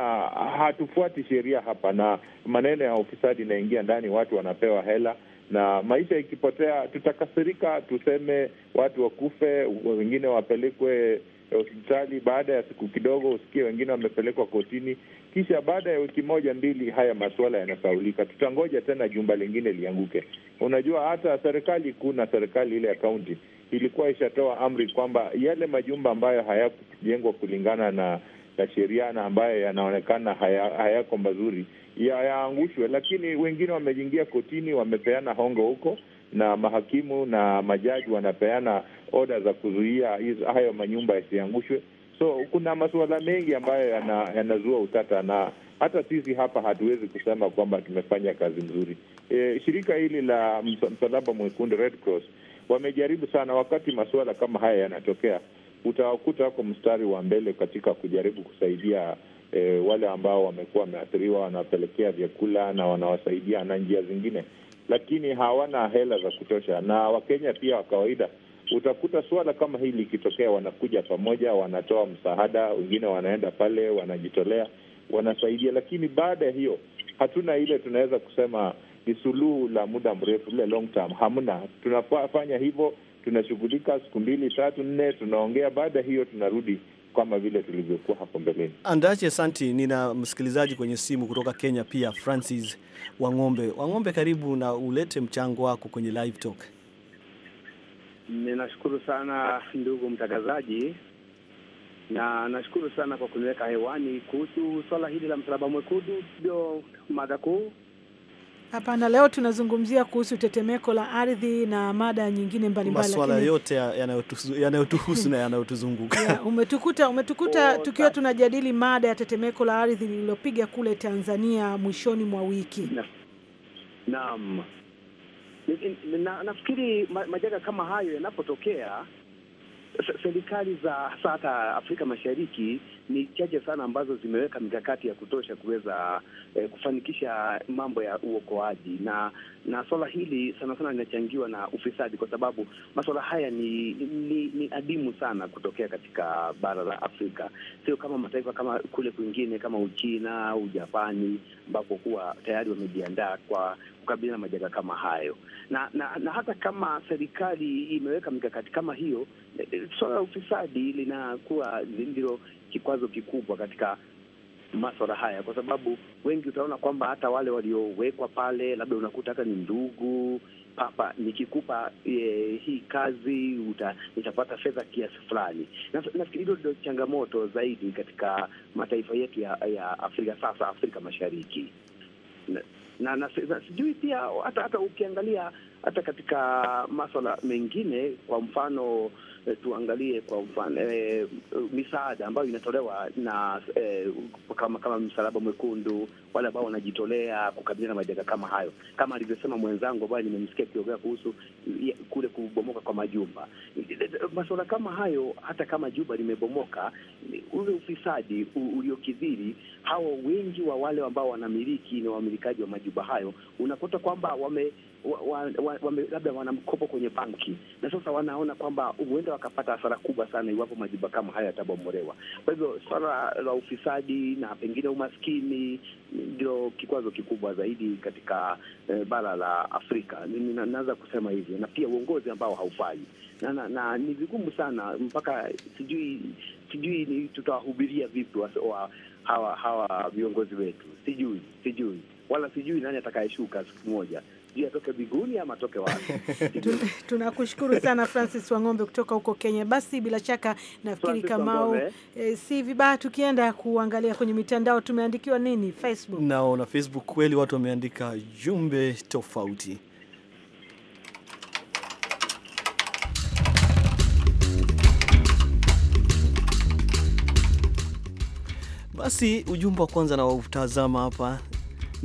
hatufuati sheria hapa, na maneno ya ufisadi inaingia ndani, watu wanapewa hela na maisha ikipotea, tutakasirika, tuseme watu wakufe, wengine wapelekwe hospitali. Baada ya siku kidogo, usikie wengine wamepelekwa kotini, kisha baada ya wiki moja mbili, haya masuala yanasaulika. Tutangoja tena jumba lingine lianguke. Unajua, hata serikali kuu na serikali ile ya kaunti ilikuwa ishatoa amri kwamba yale majumba ambayo hayakujengwa kulingana na ya sheria na ambayo yanaonekana hayako haya mazuri yaangushwe, lakini wengine wameingia kotini, wamepeana hongo huko na mahakimu na majaji wanapeana oda za kuzuia hayo manyumba yasiangushwe. So kuna masuala mengi ambayo yanazua yana utata, na hata sisi hapa hatuwezi kusema kwamba tumefanya kazi nzuri. E, shirika hili la Msalaba Mwekundu, Red Cross, wamejaribu sana wakati masuala kama haya yanatokea utawakuta wako mstari wa mbele katika kujaribu kusaidia e, wale ambao wamekuwa wameathiriwa, wanawapelekea vyakula na wanawasaidia na njia zingine, lakini hawana hela za kutosha. Na Wakenya pia wa kawaida utakuta suala kama hili likitokea, wanakuja pamoja, wanatoa msaada, wengine wanaenda pale, wanajitolea, wanasaidia, lakini baada ya hiyo hatuna ile tunaweza kusema ni suluhu la muda mrefu, ile long term hamna. Tunafanya hivyo tunashughulika siku mbili tatu nne, tunaongea. Baada hiyo tunarudi kama vile tulivyokuwa hapo mbeleni. Andache Santi, nina msikilizaji kwenye simu kutoka Kenya pia, Francis Wang'ombe. Wang'ombe, karibu na ulete mchango wako kwenye live talk. Ninashukuru sana ndugu mtangazaji, na nashukuru sana kwa kuniweka hewani kuhusu swala hili la msalaba mwekundu, ndio mada kuu Hapana, leo tunazungumzia kuhusu tetemeko la ardhi na mada nyingine mbalimbali, masuala yote yanayotuhusu na yanayotuzunguka. Yeah, umetukuta, umetukuta oh, tukiwa tunajadili mada ya tetemeko la ardhi lililopiga kule Tanzania mwishoni mwa wiki. Naam, nafikiri majanga kama hayo yanapotokea serikali za hasa hata Afrika Mashariki ni chache sana ambazo zimeweka mikakati ya kutosha kuweza eh, kufanikisha mambo ya uokoaji, na na swala hili sana sana linachangiwa na ufisadi, kwa sababu masuala haya ni, ni ni adimu sana kutokea katika bara la Afrika, sio kama mataifa kama kule kwingine kama Uchina au Japani ambapo kuwa tayari wamejiandaa kwa kukabiliana na majanga kama hayo, na, na na hata kama serikali imeweka mikakati kama hiyo, eh, eh, suala la ufisadi linakuwa ndilo kikwazo kikubwa katika maswala haya, kwa sababu wengi utaona kwamba hata wale waliowekwa pale, labda unakuta hata ni ndugu papa, nikikupa e, hii kazi uta, nitapata fedha kiasi fulani. Nafikiri hilo ndio changamoto zaidi katika mataifa yetu ya, ya Afrika sasa, Afrika Mashariki na, na sijui pia hata hata ukiangalia hata katika maswala mengine, kwa mfano eh, tuangalie kwa mfano eh, misaada ambayo inatolewa na eh, kama kama Msalaba Mwekundu wale ambao wanajitolea kukabiliana na majanga kama hayo, kama alivyosema mwenzangu ambaye nimemsikia akiongea kuhusu kule kubomoka kwa majumba. Masuala kama hayo, hata kama jumba limebomoka, ule ufisadi uliokithiri, hawa wengi wa wale ambao wanamiliki na wamilikaji wa majumba hayo, unakuta kwamba wame wa, wa, wa, labda wana mkopo kwenye banki na sasa wanaona kwamba huenda wakapata hasara kubwa sana iwapo majumba kama haya yatabomolewa. Kwa hivyo swala la ufisadi na pengine umaskini ndio kikwazo kikubwa zaidi katika e, bara la Afrika. Naweza kusema hivyo, na pia uongozi ambao haufai na, na, na ni vigumu sana mpaka sijui sijui tutawahubiria vipi wa hawa hawa viongozi wetu, sijui sijui wala sijui nani atakayeshuka siku moja sijui atoke ama atoke wapi. Tunakushukuru sana Francis Wang'ombe kutoka huko Kenya. Basi bila shaka nafikiri Kamau, e, eh, si vibaya tukienda kuangalia kwenye mitandao tumeandikiwa nini Facebook. Naona Facebook kweli watu wameandika jumbe tofauti. Basi ujumbe wa kwanza na hapa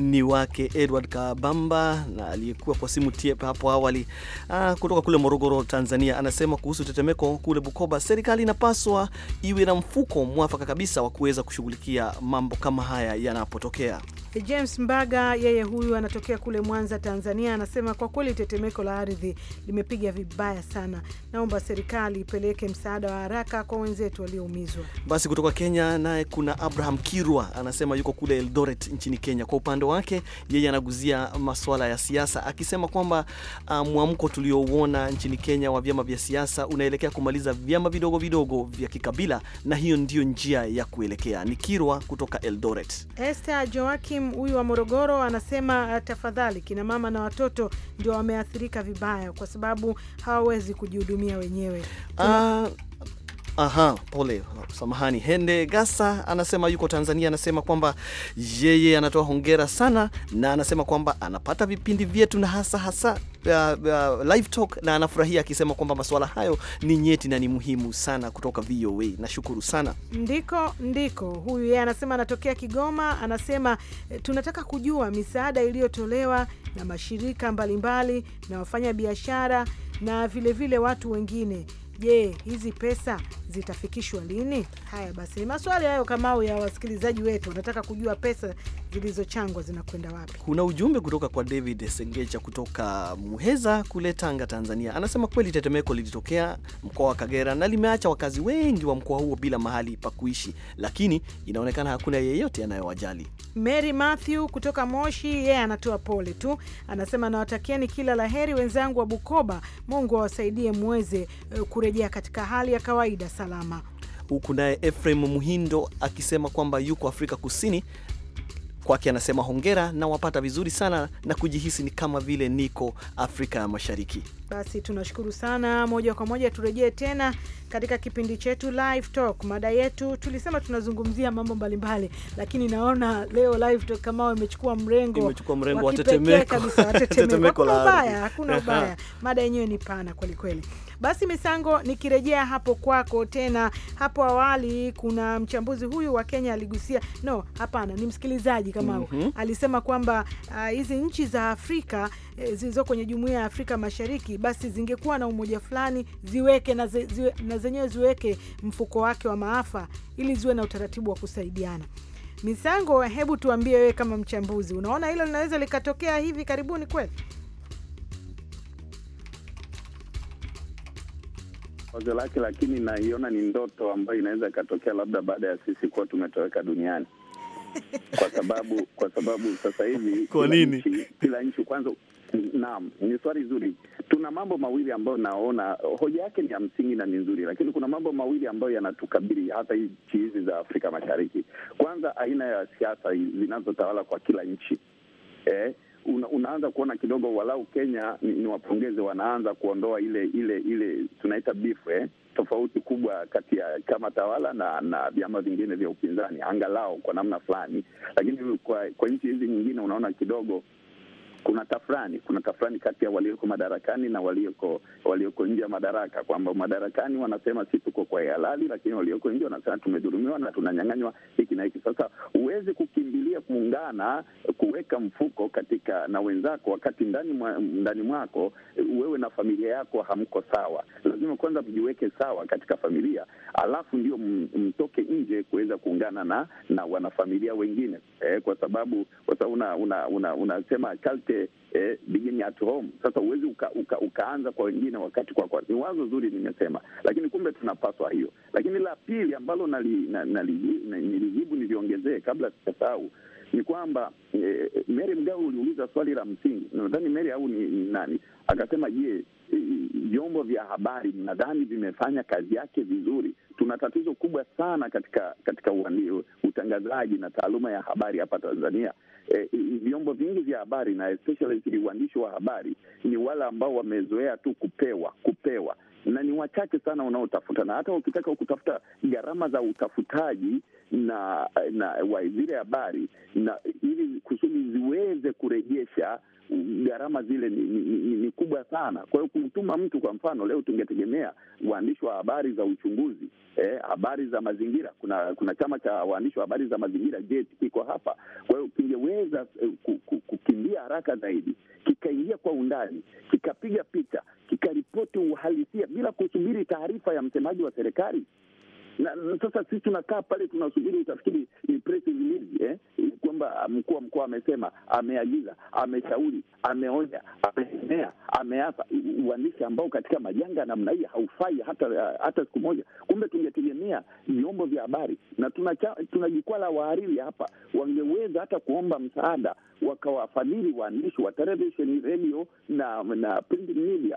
ni wake Edward Kabamba na aliyekuwa kwa simu tiepe hapo awali ah, kutoka kule Morogoro, Tanzania. Anasema kuhusu tetemeko kule Bukoba, serikali inapaswa iwe na mfuko mwafaka kabisa wa kuweza kushughulikia mambo kama haya yanapotokea. James Mbaga, yeye huyu anatokea kule Mwanza, Tanzania, anasema kwa kweli tetemeko la ardhi limepiga vibaya sana, naomba serikali ipeleke msaada wa haraka kwa wenzetu walioumizwa. Basi kutoka Kenya naye kuna Abraham Kirwa anasema yuko kule Eldoret nchini Kenya. Kwa upande wake, yeye anaguzia masuala ya siasa akisema kwamba uh, mwamko tuliouona nchini Kenya wa vyama vya siasa unaelekea kumaliza vyama vidogo vidogo vya kikabila, na hiyo ndiyo njia ya kuelekea. Ni Kirwa kutoka Eldoret. Esther Joakim huyu wa Morogoro anasema ah, tafadhali, kina mama na watoto ndio wameathirika vibaya, kwa sababu hawawezi kujihudumia wenyewe Tuna... uh, Aha, pole, samahani. Hende Gasa anasema yuko Tanzania, anasema kwamba yeye anatoa hongera sana, na anasema kwamba anapata vipindi vyetu na hasa hasa uh, uh, live talk, na anafurahia akisema kwamba masuala hayo ni nyeti na ni muhimu sana kutoka VOA. Nashukuru sana. Ndiko ndiko huyu, yeye anasema anatokea Kigoma, anasema eh, tunataka kujua misaada iliyotolewa na mashirika mbalimbali mbali, na wafanya biashara na vilevile vile watu wengine. Je, hizi pesa zitafikishwa lini? Haya basi, ni maswali hayo Kamau, ya wasikilizaji wetu wanataka kujua pesa zilizochangwa zinakwenda wapi. Kuna ujumbe kutoka kwa David Sengecha kutoka Muheza kule Tanga, Tanzania, anasema kweli tetemeko lilitokea mkoa wa Kagera na limeacha wakazi wengi wa mkoa huo bila mahali pa kuishi, lakini inaonekana hakuna yeyote anayowajali. Mary Matthew kutoka Moshi, yeye yeah, anatoa pole tu, anasema nawatakieni kila la heri wenzangu wa Bukoba, Mungu awasaidie muweze eh, kurejea katika hali ya kawaida salama. Huku naye efrem Muhindo akisema kwamba yuko Afrika Kusini kwake anasema hongera na wapata vizuri sana na kujihisi ni kama vile niko Afrika ya Mashariki. Basi tunashukuru sana. Moja kwa moja turejee tena katika kipindi chetu Live Talk. Mada yetu tulisema tunazungumzia mambo mbalimbali, lakini naona leo Live Talk kama imechukua mrengo, imechukua mrengo wa tetemeko kabisa, tetemeko ubaya, hakuna ubaya. Mada yenyewe ni pana kwelikweli kweli. Basi Misango, nikirejea hapo kwako tena, hapo awali kuna mchambuzi huyu wa Kenya aligusia, no, hapana, ni msikilizaji kama mm -hmm. alisema kwamba ah, hizi uh, nchi za Afrika eh, zilizo kwenye jumuia ya Afrika Mashariki basi zingekuwa na umoja fulani ziweke na, ze, ziwe, na zenyewe ziweke mfuko wake wa maafa ili ziwe na utaratibu wa kusaidiana. Misango, hebu tuambie wewe kama mchambuzi, unaona hilo linaweza likatokea hivi karibuni kweli? wazo lake, lakini naiona ni ndoto ambayo inaweza ikatokea labda baada ya sisi kuwa tumetoweka duniani kwa sababu kwa sababu sasa hivi kwa nini kila nchi kwanza Naam, ni swali zuri. Tuna mambo mawili ambayo naona hoja yake ni ya msingi na ni nzuri, lakini kuna mambo mawili ambayo yanatukabili hata nchi hizi za Afrika Mashariki. Kwanza, aina ya siasa zinazotawala kwa kila nchi eh, una, unaanza kuona kidogo walau Kenya ni, ni wapongeze, wanaanza kuondoa ile ile ile tunaita beef eh, tofauti kubwa kati ya chama tawala na na vyama vingine vya upinzani angalau kwa namna fulani, lakini kwa, kwa nchi hizi nyingine unaona kidogo kuna tafrani, kuna tafrani kati ya walioko madarakani na walioko walioko nje ya madaraka, kwamba madarakani wanasema si tuko kwa halali, lakini walioko nje wanasema tumedhulumiwa na tunanyang'anywa hiki na hiki. Sasa huwezi kukimbilia kuungana, kuweka mfuko katika na wenzako, wakati ndani mwa, ndani mwako wewe na familia yako hamko sawa. Lazima kwanza mjiweke sawa katika familia, alafu ndio mtoke nje kuweza kuungana na na wanafamilia wengine eh, kwa sababu kwa sababu una, una, una, unasema culture yake eh, begin at home. Sasa huwezi uka, uka, ukaanza kwa wengine wakati kwa kwa. Ni wazo zuri nimesema, lakini kumbe tunapaswa hiyo. Lakini la pili ambalo nilijibu nali, nali, niliongezee kabla sijasahau ni kwamba eh, Mary Mgao uliuliza swali la msingi, nadhani Mary au ni, ni nani akasema, je, vyombo vya habari mnadhani vimefanya kazi yake vizuri? Tuna tatizo kubwa sana katika katika utangazaji na taaluma ya habari hapa Tanzania eh, vyombo vingi vya habari na especially uandishi wa habari ni wale ambao wamezoea tu kupewa kupewa, na ni wachache sana wanaotafuta. Na hata ukitaka kutafuta gharama za utafutaji na na wa zile habari na ili kusudi ziweze kurejesha gharama zile ni, ni, ni kubwa sana. Kwa hiyo kumtuma mtu, kwa mfano leo tungetegemea waandishi wa habari za uchunguzi eh, habari za mazingira. Kuna kuna chama cha waandishi wa habari za mazingira JET kiko hapa. Kwa hiyo kingeweza eh, kukimbia haraka zaidi, kikaingia kwa undani, kikapiga picha, kikaripoti uhalisia bila kusubiri taarifa ya msemaji wa serikali na, na sasa sisi tunakaa pale tunasubiri, utafikiri ni press release eh, kwamba mkuu wa mkoa amesema, ameagiza, ameshauri, ameonya, amesemea, ameapa. Uandishi ambao katika majanga namna hii haufai hata hata siku moja. Kumbe tungetegemea vyombo vya habari, na tuna jukwaa la wahariri hapa, wangeweza hata kuomba msaada wakawafadhili waandishi wa televisheni, redio na na print media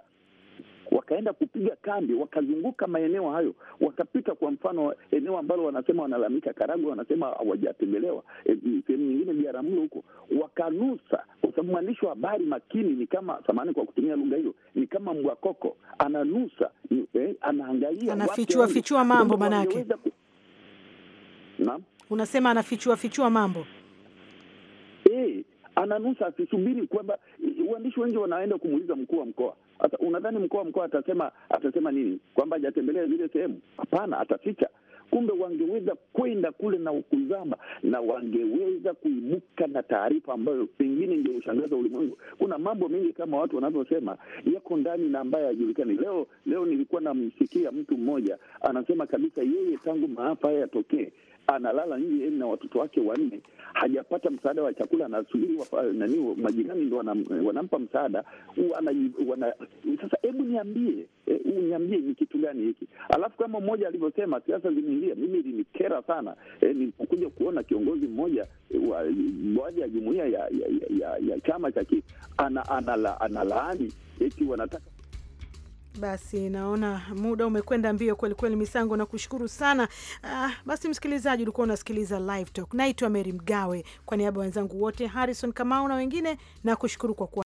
wakaenda kupiga kambi, wakazunguka maeneo hayo, wakapita. Kwa mfano, eneo ambalo wanasema wanalalamika Karagwe, wanasema hawajatembelewa e, sehemu nyingine, Biaramlo huko, wakanusa, kwa sababu mwandishi wa habari makini ni kama samani, kwa kutumia lugha hiyo, ni kama mbwakoko, ananusa eh, anaangalia, anafichua fichua mambo, manake unasema anafichua fichua mambo eh, ananusa, asisubiri kwamba. uandishi wengi wanaenda kumuuliza mkuu wa mkoa unadhani mkuu wa mkoa atasema atasema nini? Kwamba hajatembelea zile sehemu? Hapana, ataficha. Kumbe wangeweza kwenda kule na kuzama na wangeweza kuibuka na taarifa ambayo pengine ndio ushangaza ulimwengu. Kuna mambo mengi kama watu wanavyosema yako ndani na ambayo hayajulikani. Leo leo nilikuwa namsikia mtu mmoja anasema kabisa yeye tangu maafa haya yatokee analala nje na watoto wake wanne, hajapata msaada wa chakula, anasubiri nani, majirani ndo wanam, wanampa msaada wana, sasa hebu niambie e, niambie ni kitu gani hiki? Alafu kama mmoja alivyosema siasa zimeingia, mimi linikera sana e, nilipokuja kuona kiongozi mmoja eh, wa baadhi ya jumuia ya, ya, ya, ya, ya chama cha ki ana, ana, ana, eti wanataka basi naona muda umekwenda mbio kweli kweli, Misango, na kushukuru sana. Ah, basi msikilizaji, ulikuwa unasikiliza Live Talk. Naitwa Meri Mgawe, kwa niaba ya wenzangu wote Harrison Kamau na wengine, na kushukuru kwa kuwa